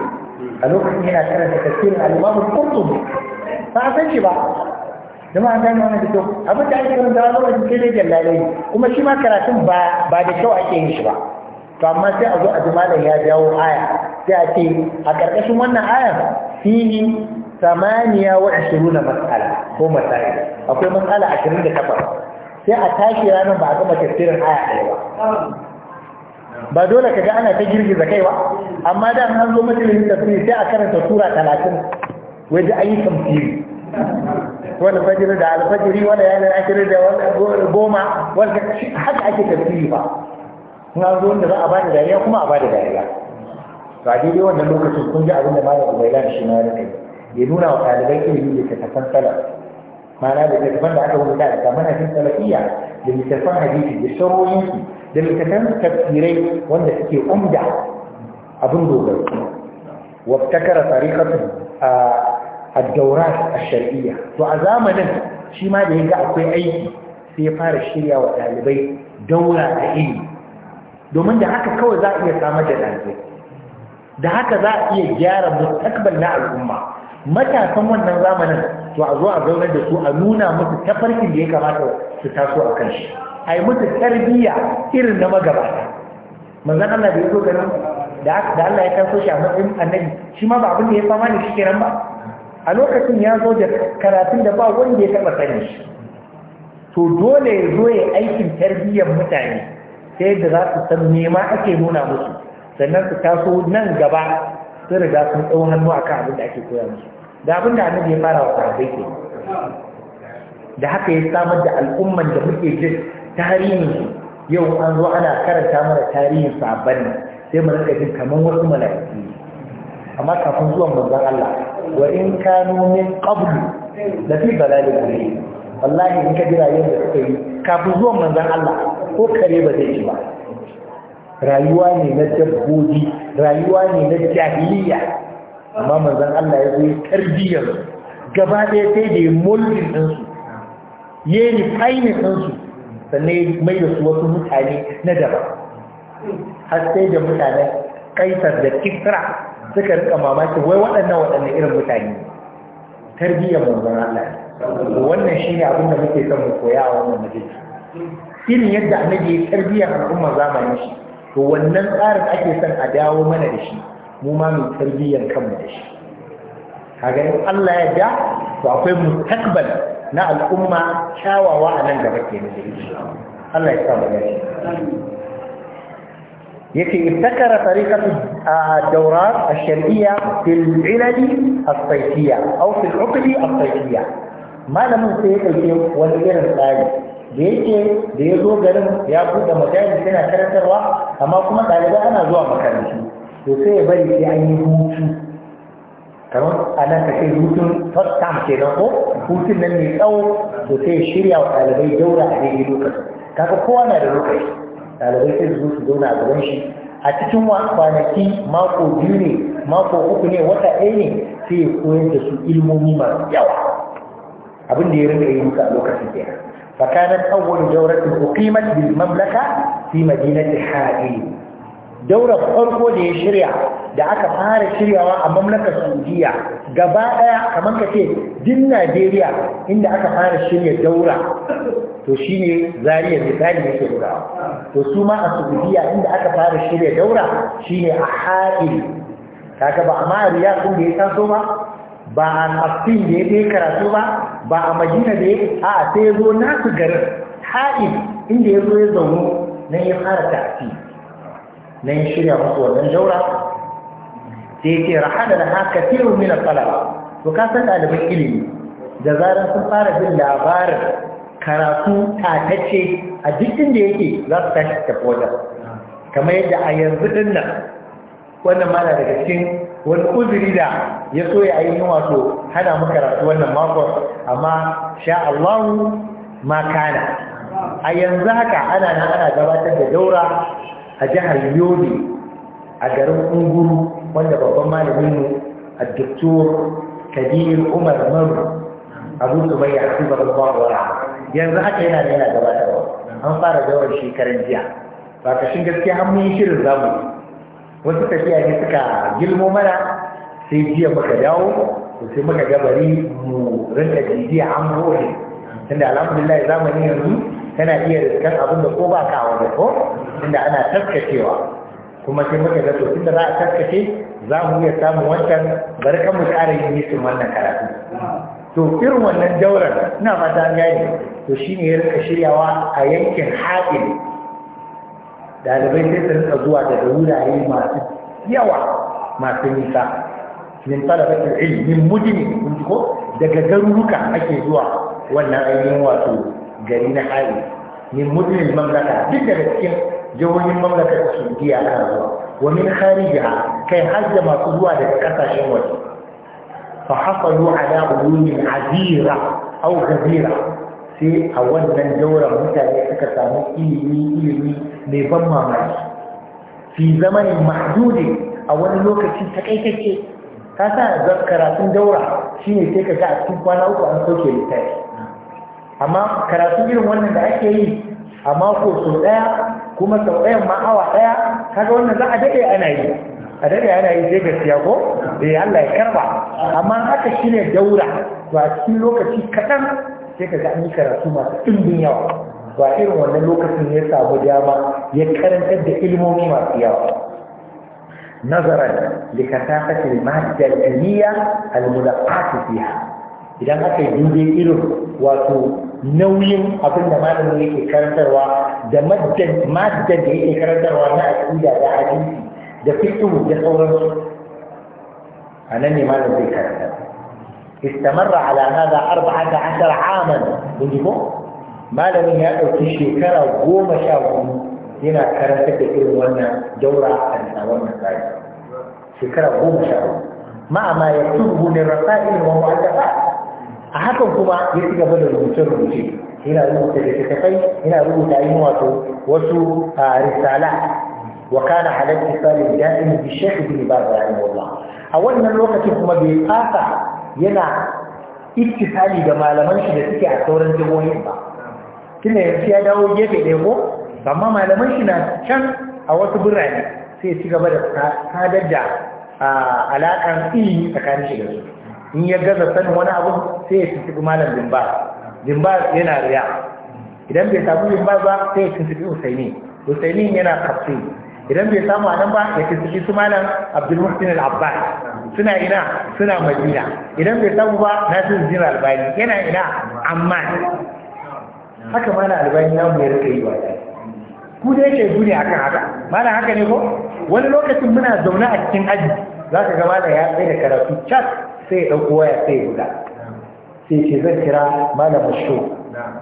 a lokacin yana kira da al alimamu kurtu ba a san shi ba jama'a ta nuna da kyau abin da ake karanta a lokacin sai dai lalai. kuma shi ma karatun ba da kyau ake yin shi ba to amma sai a zo a jimalar ya jawo aya sai a ce a ƙarƙashin wannan aya fihi samaniya wa ashiruna mas'ala ko mas'ala akwai mas'ala ashirin da takwas sai a tashi ranar ba a gama tafsirin aya ɗaya ba ba dole ka ga ana ta girgiza kai ba amma da an zo majalisin tafsiri sai a karanta sura 30 waje an yi tamfiri wani fajiri da alfajiri wani yanar ashirin da goma wanda haka ake tafsiri ba na zo wanda za a bada dariya kuma a bada dariya to a daidai wannan lokacin kun ji abin da malam ubailan shi ma ya ya nuna wa ɗalibai ilimi da tattafan salaf ma'ana da tattafan da aka wuce da alƙamarin salafiyya da littattafan hadisi da sharoyinsu da littattafan tafsirai wanda suke umda abin dogaro wabtakara tsarikatu a daura a shari'a. to a zamanin shi ma da yaga akwai aiki sai ya fara shirya wa ɗalibai daura da iri. domin da haka kawai za a iya samar da ɗalibai da haka za a iya gyara mustaqbal na al'umma matasan wannan zamanin to a zo a zaunar da su a nuna musu tafarkin da ya kamata su taso a kan shi a yi musu tarbiyya irin na magabata manzan Allah da ya zo garin da Allah ya taso shi a matsayin annabi shi ma ba abin da ya fama ne shi ba a lokacin ya zo da karatun da ba wanda ya taɓa sani shi to dole ya zo ya aikin tarbiyyar mutane sai da za su san nema ake nuna musu sannan su taso nan gaba sun riga sun tsawon hannu a kan abin da ake koya musu da abin da annabi ya fara wa sahabbai ke da haka ya samar da al'umman da muke jin tarihin yau an zo ana karanta mana tarihin sahabban nan sai mu rika jin kamar wasu mala'iku amma kafin zuwan manzon Allah wa in kanu min qablu la fi dalalin mubin wallahi in ka jira yadda suka yi kafin zuwan manzon Allah ko kare ba zai ci ba rayuwa ne na dabbobi rayuwa ne na jahiliya amma manzon Allah ya zo tarbiyyar gaba ɗaya sai da ya mulkin ɗinsu ya yi fainin ɗinsu sannan mai da su wasu mutane na daban har sai da mutanen kaisar da kisra suka rika mamaki wai waɗannan waɗannan irin mutane tarbiyyar manzon Allah wannan shine abin da muke son mu koya a wannan majalisa irin yadda annabi ya tarbiyyar al'umma zamanin shi to wannan tsarin ake son a dawo mana da shi mu ma mu tarbiyyar kanmu da shi kaga in Allah ya da to akwai mustaqbal na al'umma kyawawa a nan gaba ke Allah ya sa mu gani yake ibtakara tariqatu a dawrat a shariyya fil 'ilal as-sayfiyya aw fil 'uqd malamin sai ya dauke wani irin tsari da yake da ya zo garin ya buɗe majalis yana karantarwa amma kuma ɗalibai ana zuwa makarantu to sai ya bari sai an yi hutu kamar a nan ce hutun first term ke nan ko hutun nan mai tsawo to sai shirya wa ɗalibai daura a daidai lokaci kaga kowa na da lokaci ɗalibai sai su su zauna a gaban shi a cikin kwanaki mako biyu ne mako uku ne wata ɗaya ne sai ya koyar da su ilmomi masu yawa abin da ya rinka yi muka a lokacin kenan فكانت أول دورة bil mamlaka fi مدينة حائل daura farko da ya shirya da aka fara shiryawa a mamlakar saudiya gaba daya kamar ka ce din najeriya inda aka fara shirya daura to ne zariya misali ke daura to su ma a saudiya inda aka fara shirya daura ne a haɗin kaga ba a ma da ya taso ba ba a afin da ya ɗaya karatu ba ba a madina da ya a sai ya zo nasu garin haɗin inda ya zo ya zaune nan ya fara tafi na yin shirya musu wannan jaura sai ce rahana da haka tiru mina falala to ka san ɗaliban ilimi da zarar sun fara bin labarin karatu tatacce a duk inda yake za su tashi ta wajen kamar yadda a yanzu ɗin nan wannan ma na daga cikin wani uzuri da ya so ya ainihin wato hana mu karatu wannan makon amma sha Allahu makana a yanzu haka ana nan ana gabatar da daura a jihar yobe a garin unguru wanda babban malaminmu a doktor kadir umar maru abu su bai yaku ba ruwa yanzu haka yana da yana gabatarwa an fara zauren shekaran jiya ba ka shin gaskiya an mun shirin zamu wasu tafiya ne suka gilmo mana sai jiya muka dawo to sai muka gabari mu rinka jijiya an rohe tunda alhamdulillah zamani yanzu kana iya riskan abin da ko ba ka waje ko inda ana taskacewa kuma sai muka ga to tunda za a taskace za mu iya samun wancan bari kan mu ƙara yin nisin wannan karatu to irin wannan dauran ina fata an gane to shine ya rika shiryawa a yankin haɗin ɗalibai sai su rika zuwa daga wurare masu yawa masu nisa min talabatul ilmi min mujini kun ko daga garuruka ake zuwa wannan ainihin wato gari na hali, min mudnin mamlaka duk daga cikin jihohin mamlakar saudiya kan zuwa wa min kharija kai har da masu zuwa daga kasashen waje fa hasalu ala ulumin azira aw gazira sai a wannan dauran mutane suka samu ilimi ilimi mai ban mamaki fi zamanin mahdudi a wani lokaci takaitacce ka sa karatun daura shine sai ka ga a cikin kwana uku an soke littafi amma karatu irin wannan da ake yi a mako sau ɗaya kuma sau ɗaya ma awa ɗaya kaga wannan za a daɗe ana yi a daɗe ana yi sai gaskiya ko eh Allah ya karba amma haka shine daura to a cikin lokaci kaɗan sai ka ga an yi karatu masu ɗimbin yawa ba irin wannan lokacin ya samu dama ya karantar da ilmomi masu yawa nazaran da kasafatin madda al-mulaqatu fiha idan aka yi dubin irin wato nauyin abin da malamin yake karantarwa da madadin da yake karantarwa na aƙida da hadisi da fiqh da sauransu a nan ne malamin zai karanta istamarra ala hada arba'ata ashar aman kun ji ko malamin ya ɗauki shekara goma sha hudu yana karanta da irin wannan daura a bisa wannan tsari shekara goma sha hudu ma'a ma ya tubu min rasa'il wa mu'allafa a hakan kuma ya ci gaba da rubuce-rubuce yana rubuta littattafai yana rubuta yin wato wasu risala wa kana halatti salin da'in bi shekh da baz rahimahullah a wannan lokacin kuma bai fasa yana ittisali da malaman shi da suke a sauran jihohin ba tunda yanzu ya dawo gefe ɗaya ko amma malaman shi na can a wasu birane sai ci gaba da sadar da alaƙar ilimi tsakanin shi da su in ya gaza sanin wani abu sai ya tuntuɓi malam zimba zimba yana riya idan bai samu zimba ba sai ya bi usaini usaini yana kafin idan bai samu a nan ba ya tuntuɓi su malam abdulmuhsin al-abbas suna ina suna madina idan bai samu ba na su jira albani yana ina amma haka mana albani namu ya rika yi wa ku dai ke duniya akan haka mana haka ne ko wani lokacin muna zaune a cikin aji za ka ga da ya tsaye da karatu chat sai ya ɗauko waya sai ya buga sai ce zan kira malam shu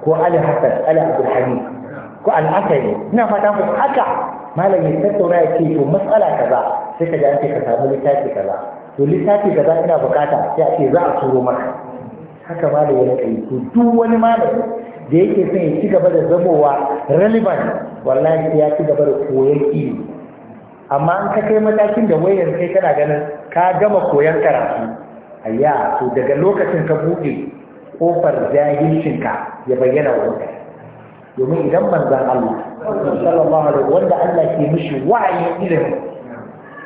ko ali hasan ali abdulhani ko al'asari ina fata ku haka malam ya tattauna ya ce to matsala kaza sai ka ji an ce ka samu littafi kaza to littafi kaza ina bukata sai a ce za a turo maka haka malam ya rika to duk wani malam da yake son ya ci gaba da zamowa relevant wallahi ya ci gaba da koyon ilimi amma an ka kai matakin da wayar kai kana ganin ka gama koyon karatu ayya to daga lokacin ka buɗe kofar jahilcinka ya bayyana wa domin idan manzan Allah sallallahu alaihi wanda Allah ke mishi wa'ayi ilimi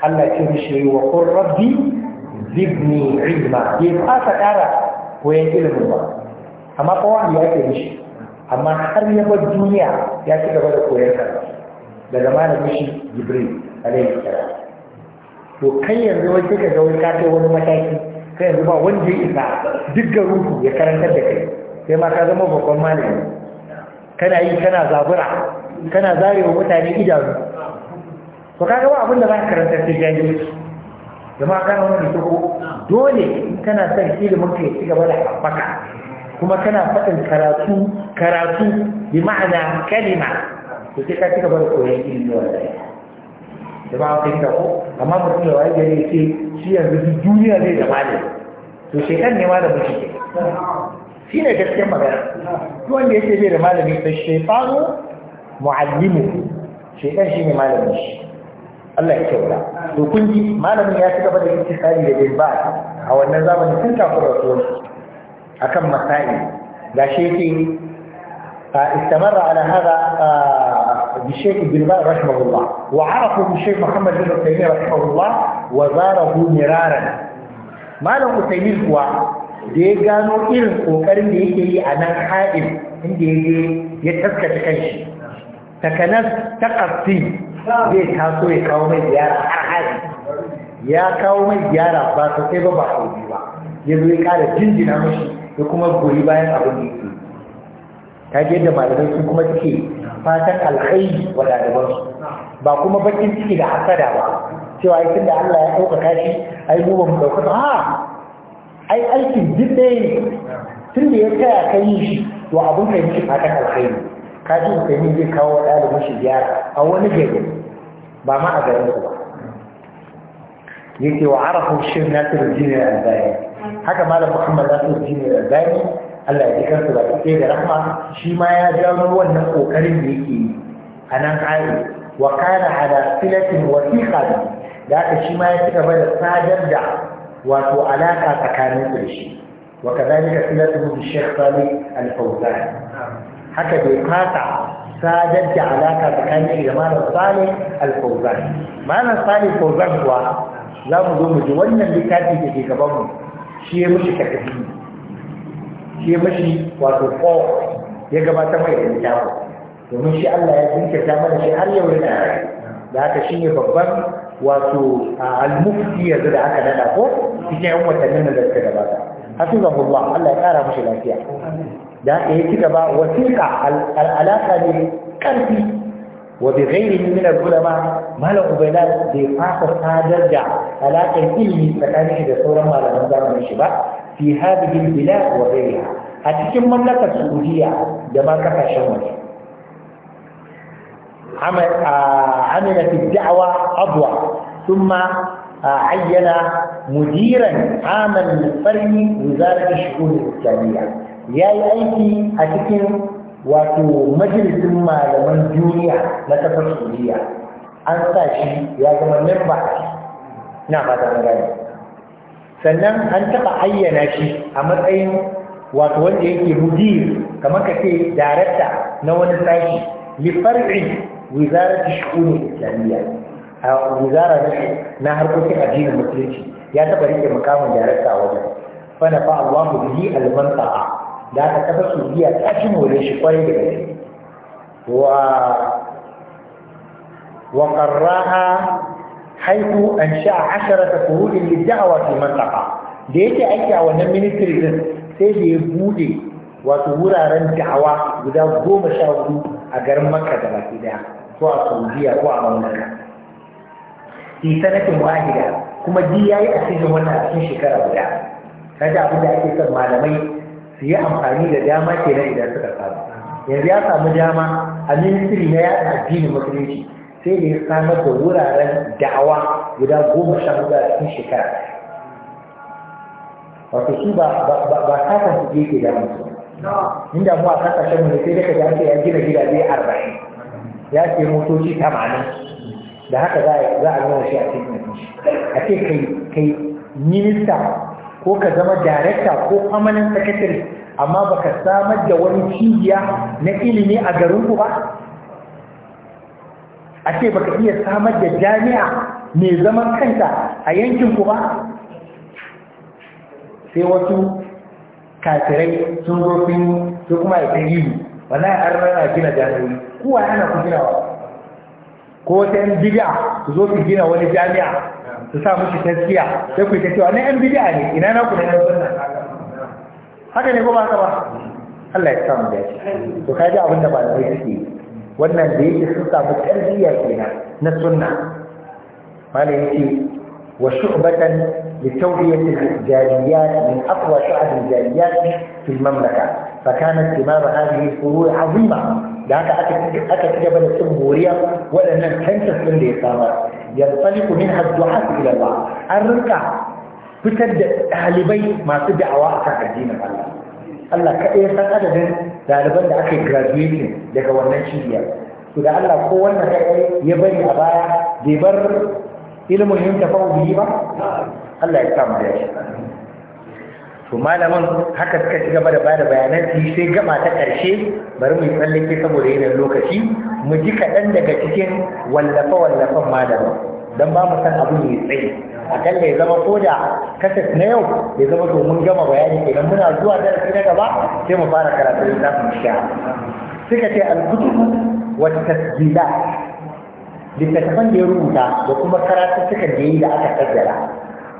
Allah ke mishi wa qur rabbi zidni ilma fasa ƙara koyan ilimin ba amma fa wa'ayi ya ke mishi amma har ya bar duniya ya ci gaba da koyan karatu daga malamin shi Jibril alaihi salam to kai yanzu wai kika ga wai kai wani mataki kai yanzu ba wanda ya isa duk ruhu ya karantar da kai sai ma ka zama babban malami kana yi kana zabura kana zarewa mutane idanu to kaga ba abin da za ka karantar da jahilci jama'a kana wani tuko dole in kana son ilimin ka ya ci gaba da haɓaka kuma kana faɗin karatu karatu bi ma'ana kalima to sai ka ci gaba da koyon da wani jama'a kai ta ko amma ba ya waye gari ya ce shi yanzu su duniya zai da malami to shekan ne ma da mu ke shi ne gaskiyar magana duk wanda ya ce zai da malami sai shefanu mu'allimu shekan shi ne malamin shi Allah ya kyauta to kun ji malamin ya ci gaba da tsari da bai ba a wannan zamanin tun kafin rasuwar akan masai gashi yake istamarra ala hada بالشيخ ابن باز رحمه الله وعرفوا بالشيخ محمد بن تيميه رحمه الله وزاره مرارا malam usaimin kuwa da ya gano irin ƙoƙarin da yake yi a nan ha'il inda ya je ya taskata kanshi takanas ta ƙarfi zai taso ya kawo mai ziyara har hali ya kawo mai ziyara ba sosai ba ba sau ba ya zo ya ƙara jinjina mashi ya kuma goyi bayan abin da yake ta je da malamai sun kuma suke fatan alkhairi wa ɗalibansu ba kuma bakin ciki da hasada ba cewa ai tunda Allah ya ɗaukaka shi ai mu ba mu ɗaukaka ha ai aikin duk ɗaya ne tunda ya taya ka yi shi to abin ka yi shi fatan alkhairi ka ji mutane zai kawo wa ɗalibin shi ziyara a wani gari ba ma a garin su ba yake wa arafu shirin nasiru jiniyar albani haka malam muhammad nasiru jiniyar albani Allah ya ji kansu ba ke da rahma shi ma ya gano wannan kokarin da yake a nan ayi wa kana ala silatin wasiqa da aka shi ma ya ci gaba da sadar da wato alaka tsakanin su da shi wa kadhalika silatuhu bi shaykh Salih al-Fawzan haka dai fata sadar da alaka tsakanin da malam Salih al-Fawzan malam Salih al-Fawzan kuwa za mu zo mu ji wannan littafi da ke gaban mu shi ya mushi takadimi shi mashi wato ko ya gabatar mai da littafin domin shi Allah ya jinkirta mana shi har yau yana rai da haka shi ne babban wato almufti yanzu da aka nada ko cikin yan watannin da suka gabata hafizahullah Allah ya kara mashi lafiya da haka ya ci gaba wasiƙa al'alaka ne ƙarfi wa bi ghairi min al-ulama malam ubaydal bai fasa sadar da alaƙar ilimi tsakanin shi da sauran malaman zamanin shi ba fi hadihin bila wa zaiya a cikin mallakar saudiya da ma kasashen amina fi da'awa abuwa sun ma ayyana mudiran aman farni wuzarar shigo da tsakaniya ya yi aiki a cikin wato majalisin malaman duniya na kasar an sa shi ya zama memba na fata na sannan an taɓa ayyana shi a matsayin wato wanda yake mudir kamar ka ce darakta na wani sashi lifar'i wizarar shi'unin islamiyya a wizara na harkokin addinin musulunci ya taɓa rike mukamin darakta a wajen fana fa Allah mu bihi almanta'a da aka taɓa suriya ta ci more shi kwarai da gaske wa wa qarraha haiku an sha ashara ta kurudin liddawa fi da yake aiki a wannan ministry din sai da ya bude wato wuraren da'awa guda goma sha hudu a garin makka da baki daya ko a saudiya ko a mamlaka fi sanatin wahida kuma ji ya yi a cikin wannan a cikin shekara guda kaga abin da ake son malamai su yi amfani da dama kenan idan suka samu yanzu ya samu dama a ministry na yaɗa addinin musulunci sai da ya samar da wuraren da'awa guda goma sha hudu a cikin shekara wato shi ba kasan su yake da mutu inda mu a kasashen mu ne sai daga jami'a ya gina gidaje arba'in ya ce motoci tamanin da haka za a nuna shi a cikin shi a ce kai minista ko ka zama darekta ko amanin sakatare amma baka samar da wani cibiya na ilimi a garinku ba a ce baka iya samar da jami'a mai zaman kanta a yankin ku ba sai wasu kafirai sun rufin su kuma ya tsayi wala an rana gina jami'a kuwa yana ku wa ko ta yan bid'a su zo su gina wani jami'a su sa mushi taskiya sai ku ta cewa na yan bid'a ne ina na ku da yan sunna haka ne ko ba haka ba Allah ya samu dace to kaji abin da ba da suke yi wannan da yake sun samu tarbiyya kenan na sunna malai yake wa shu'batan li tawbiyati al-jariyat min aqwa shu'ab al-jariyat fi al-mamlaka fa kanat thimar hadhihi furu' 'azima da haka aka ci gaba da cin moriya waɗannan tantas ɗin da ya samar yanfaliku min haddu'at ila Allah an rinka fitar da ɗalibai masu da'awa akan addinin Allah Allah kaɗai ya san adadin Daliban da aka graduating daga wannan cibiya to da Allah ko wannan kai ya bari a baya bai bar ilimin yin ta biyi ba Allah ya samu da shi to malamin haka suka ci gaba da ba da bayanan su sai gama ta ƙarshe bari mu tsallake saboda yanayin lokaci mu ji kaɗan daga cikin wallafa-wallafan malamin don ba mu san abin mai tsayi akalla ya zama ko da kasas na yau ya zama to mun gama bayani idan muna zuwa darasi na gaba sai mu fara karatun littafin sha suka ce al-kutubu wa littattafan da ya rubuta da kuma karatun suka da yi da aka kaddara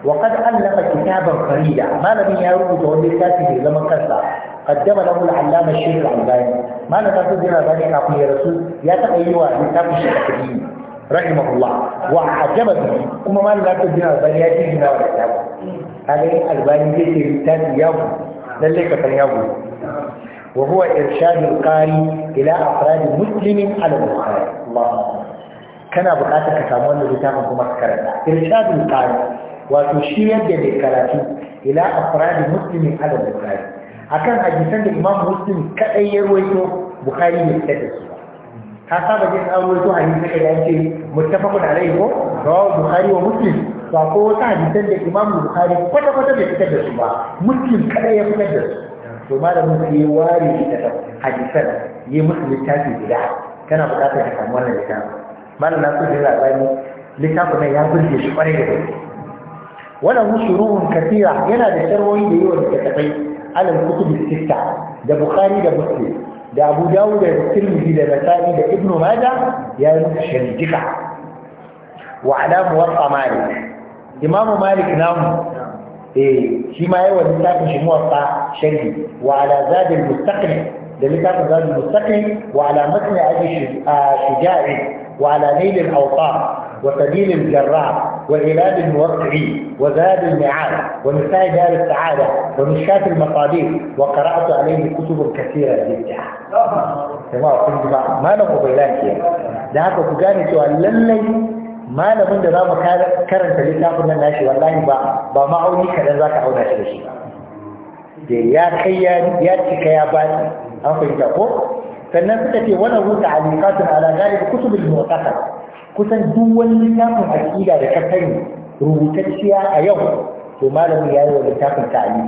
wa qad allama kitaban farida malamin ya rubuta wani littafi mai zaman kansa قدم له العلامه الشيخ الالباني ما لم يكن ذلك كافيه رسول يا تقيوا لتابع الشيخ رحمه الله وعجبه كما ما لا تبين الباني يا جيجي نوع الكتاب هذا الباني يجي رتان يابو لليك يابو وهو إرشاد القاري إلى أفراد مسلم على البخاري الله كان بقاتك كتابون لكتاب مذكرة إرشاد القاري وتشير بذكراتي إلى أفراد مسلم على البخاري أكان أجسان الإمام مسلم كأي يرويته بخاري يبتدس ka saba jin an rawaito hadisi da yake muttafaqun rai ko rawahu bukhari wa muslim ba ko wata hadisan da imam bukhari kwata kwata bai fitar da su ba muslim kada ya fitar da su to malamin sai ya ware shi da hadisan yi musu littafi guda kana buƙatar ka samu wannan littafi malam na so da labari littafin nan ya burge shi kwarai da gaske wannan musuruhun kafira yana da sharwoyi da yawan littattafai alal kutubi sitta da bukhari da muslim da abu dawud da tirmidhi da nasa'i da Ibnu majah ya yi musu sharijika wa ala muwatta malik imamu malik namu eh shi ma yawa littafin shi muwatta sharhi wa ala zadil mustaqni da littafin zadil mustaqni wa ala matni abi shuja'i wa ala nail al-awtar wa tadil al-jarrah وعلاج الموقعي وزاد المعاد ونسائي دار السعادة ومشكاة المقادير وقرأت عليه كتب كثيرة جدا جماعة كنت ما نقول بلاك يا ده هكو كجاني سؤال للي ما نقول ده ما كرن تليسا قلنا ناشي والله با ما عوني كذا ذاك ناشي شلشي يا كيان يا كيا باتي أنا فهمت أقول فالناس تتي وله تعليقات على غالب كتب المعتقد kusan duk wani littafin aƙida da ta kai rubutacciya a yau to malamin ya yi wa littafin tali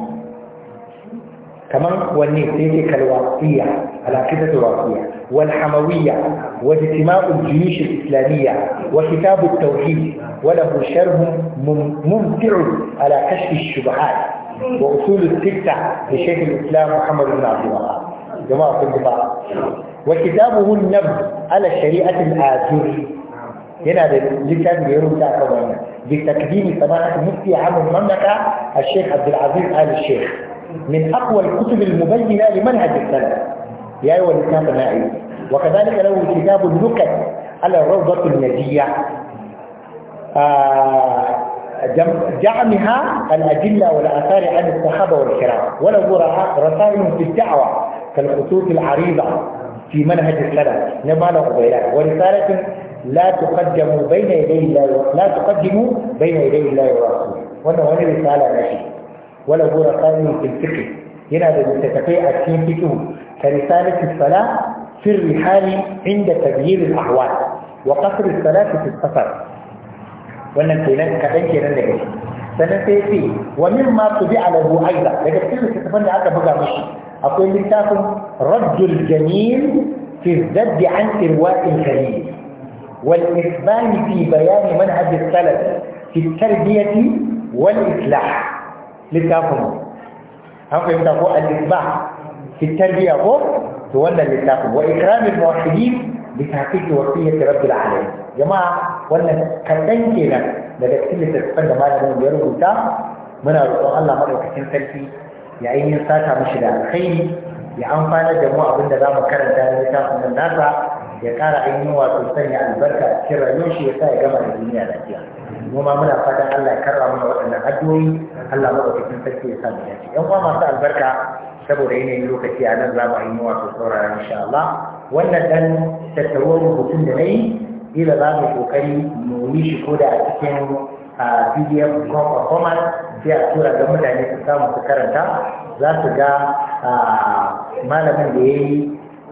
kamar wanne sai ce kalwafiya alaƙida da wafiya wal hamawiya wa jitima'u jiyushi islamiyya wa kitabu tauhi wa da bushar mumfiru kashi shubha wa usulun tikta da shekul islam muhammadu na zuwa jama'a kun ba wa kitabu hun nab ala shari'atul azuri هنا da littafin da ya بتكريم سماحة مفتي عام المملكة الشيخ عبد العزيز آل الشيخ من أقوى الكتب المبينة لمنهج السلف يا أيها الإسلام النائي وكذلك له كتاب النكت على الروضة النجية آه، جعمها الأدلة والآثار عن الصحابة والكرام وله رسائل في الدعوة كالخطوط العريضة في منهج السلف نمال وغيرها ورسالة la tuqaddamu bayna yaday Allah la tuqaddimu bayna yaday Allah wa wannan wani risala na shi wala gura qani fil fiqh yana da littattafai a cikin fiqh ka risalatu sala fi rihal inda tabyir al ahwal wa qasr al salat fi safar wannan kenan kadan kenan daga shi sannan sai ce wa ma tubi ala hu aida daga cikin littattafan da aka buga mishi akwai littafin raddul jamil في الذب عن إرواء الكريم والإخبار في بيان منهج السلف في التربية والإصلاح للتافهم هم فهمتوا الإصلاح في التربية هو تولى للتافهم وإكرام الموحدين بتحقيق وصية رب العالمين جماعة ولا كتن كده daga cikin littattafan da malamin ya rubuta muna roƙon Allah maɗaukakin sarki ya ainihin sata mashi da alkhairi ya amfana da mu abinda da za mu karanta na littafin nan ya kara ainihin wato sanya albarka a cikin rayuwar shi ya sa ya gama da duniya lafiya mu ma muna fatan Allah ya karra mana waɗannan addu'o'i Allah madaukakin sarki ya sa mu dace ƴan uwa masu albarka saboda yanayin lokaci a nan za mu ainihin wato saurara insha Allah wannan dan tattaruwar rubutun da na yi ila za mu kokari mu yi shi ko da a cikin pdf performance sai a tura ga mutane su samu su karanta za su ga malamin da ya yi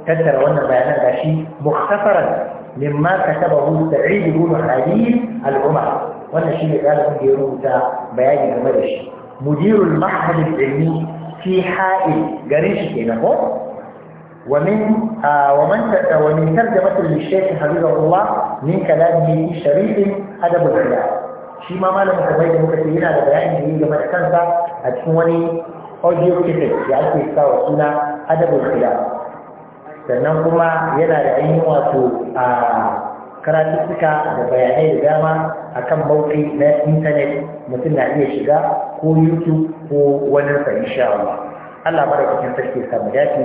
tattara wannan bayanan gashi mukhtasaran mimma katabahu Sa'id ibn Halim al-Umar wannan shine dalibin da rubuta bayani game da shi mudirul mahad al-ilmi fi ha'il garin shi kenan ko ومن آه ومن ومن ترجمة للشيخ حبيبه الله من كلامه شريف أدب الخلاف shi ma malamin kamar da muka ce yana da bayani da game da kansa a cikin wani audio kitchen da ake sawa wa suna adabul khilaf sannan kuma yana da ainihin wato a karatuttuka da bayanai da dama kan mawuki na intanet mutum na iya shiga ko youtube ko wani sai insha Allah Allah madaukakin sarki ya samu dafi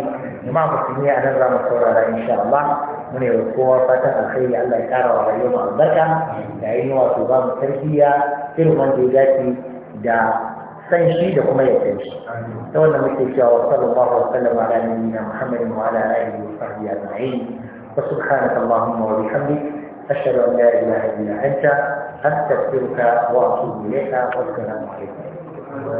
jama'a musulmi a nan za mu saurara insha Allah Muna yi kowa fatan alkhairi Allah ya kara wa rayuwa albarka da yayin wato ba mu tarbiyya irin wanda ya dace da san shi da kuma ya san shi ta wannan muke cewa wa sallallahu alaihi wa sallam ala nabiyyina muhammadin wa ala alihi wa sahbihi ajma'in wa subhanaka allahumma wa bihamdik ashhadu an la ilaha illa anta astaghfiruka wa atubu ilayka wa assalamu alaikum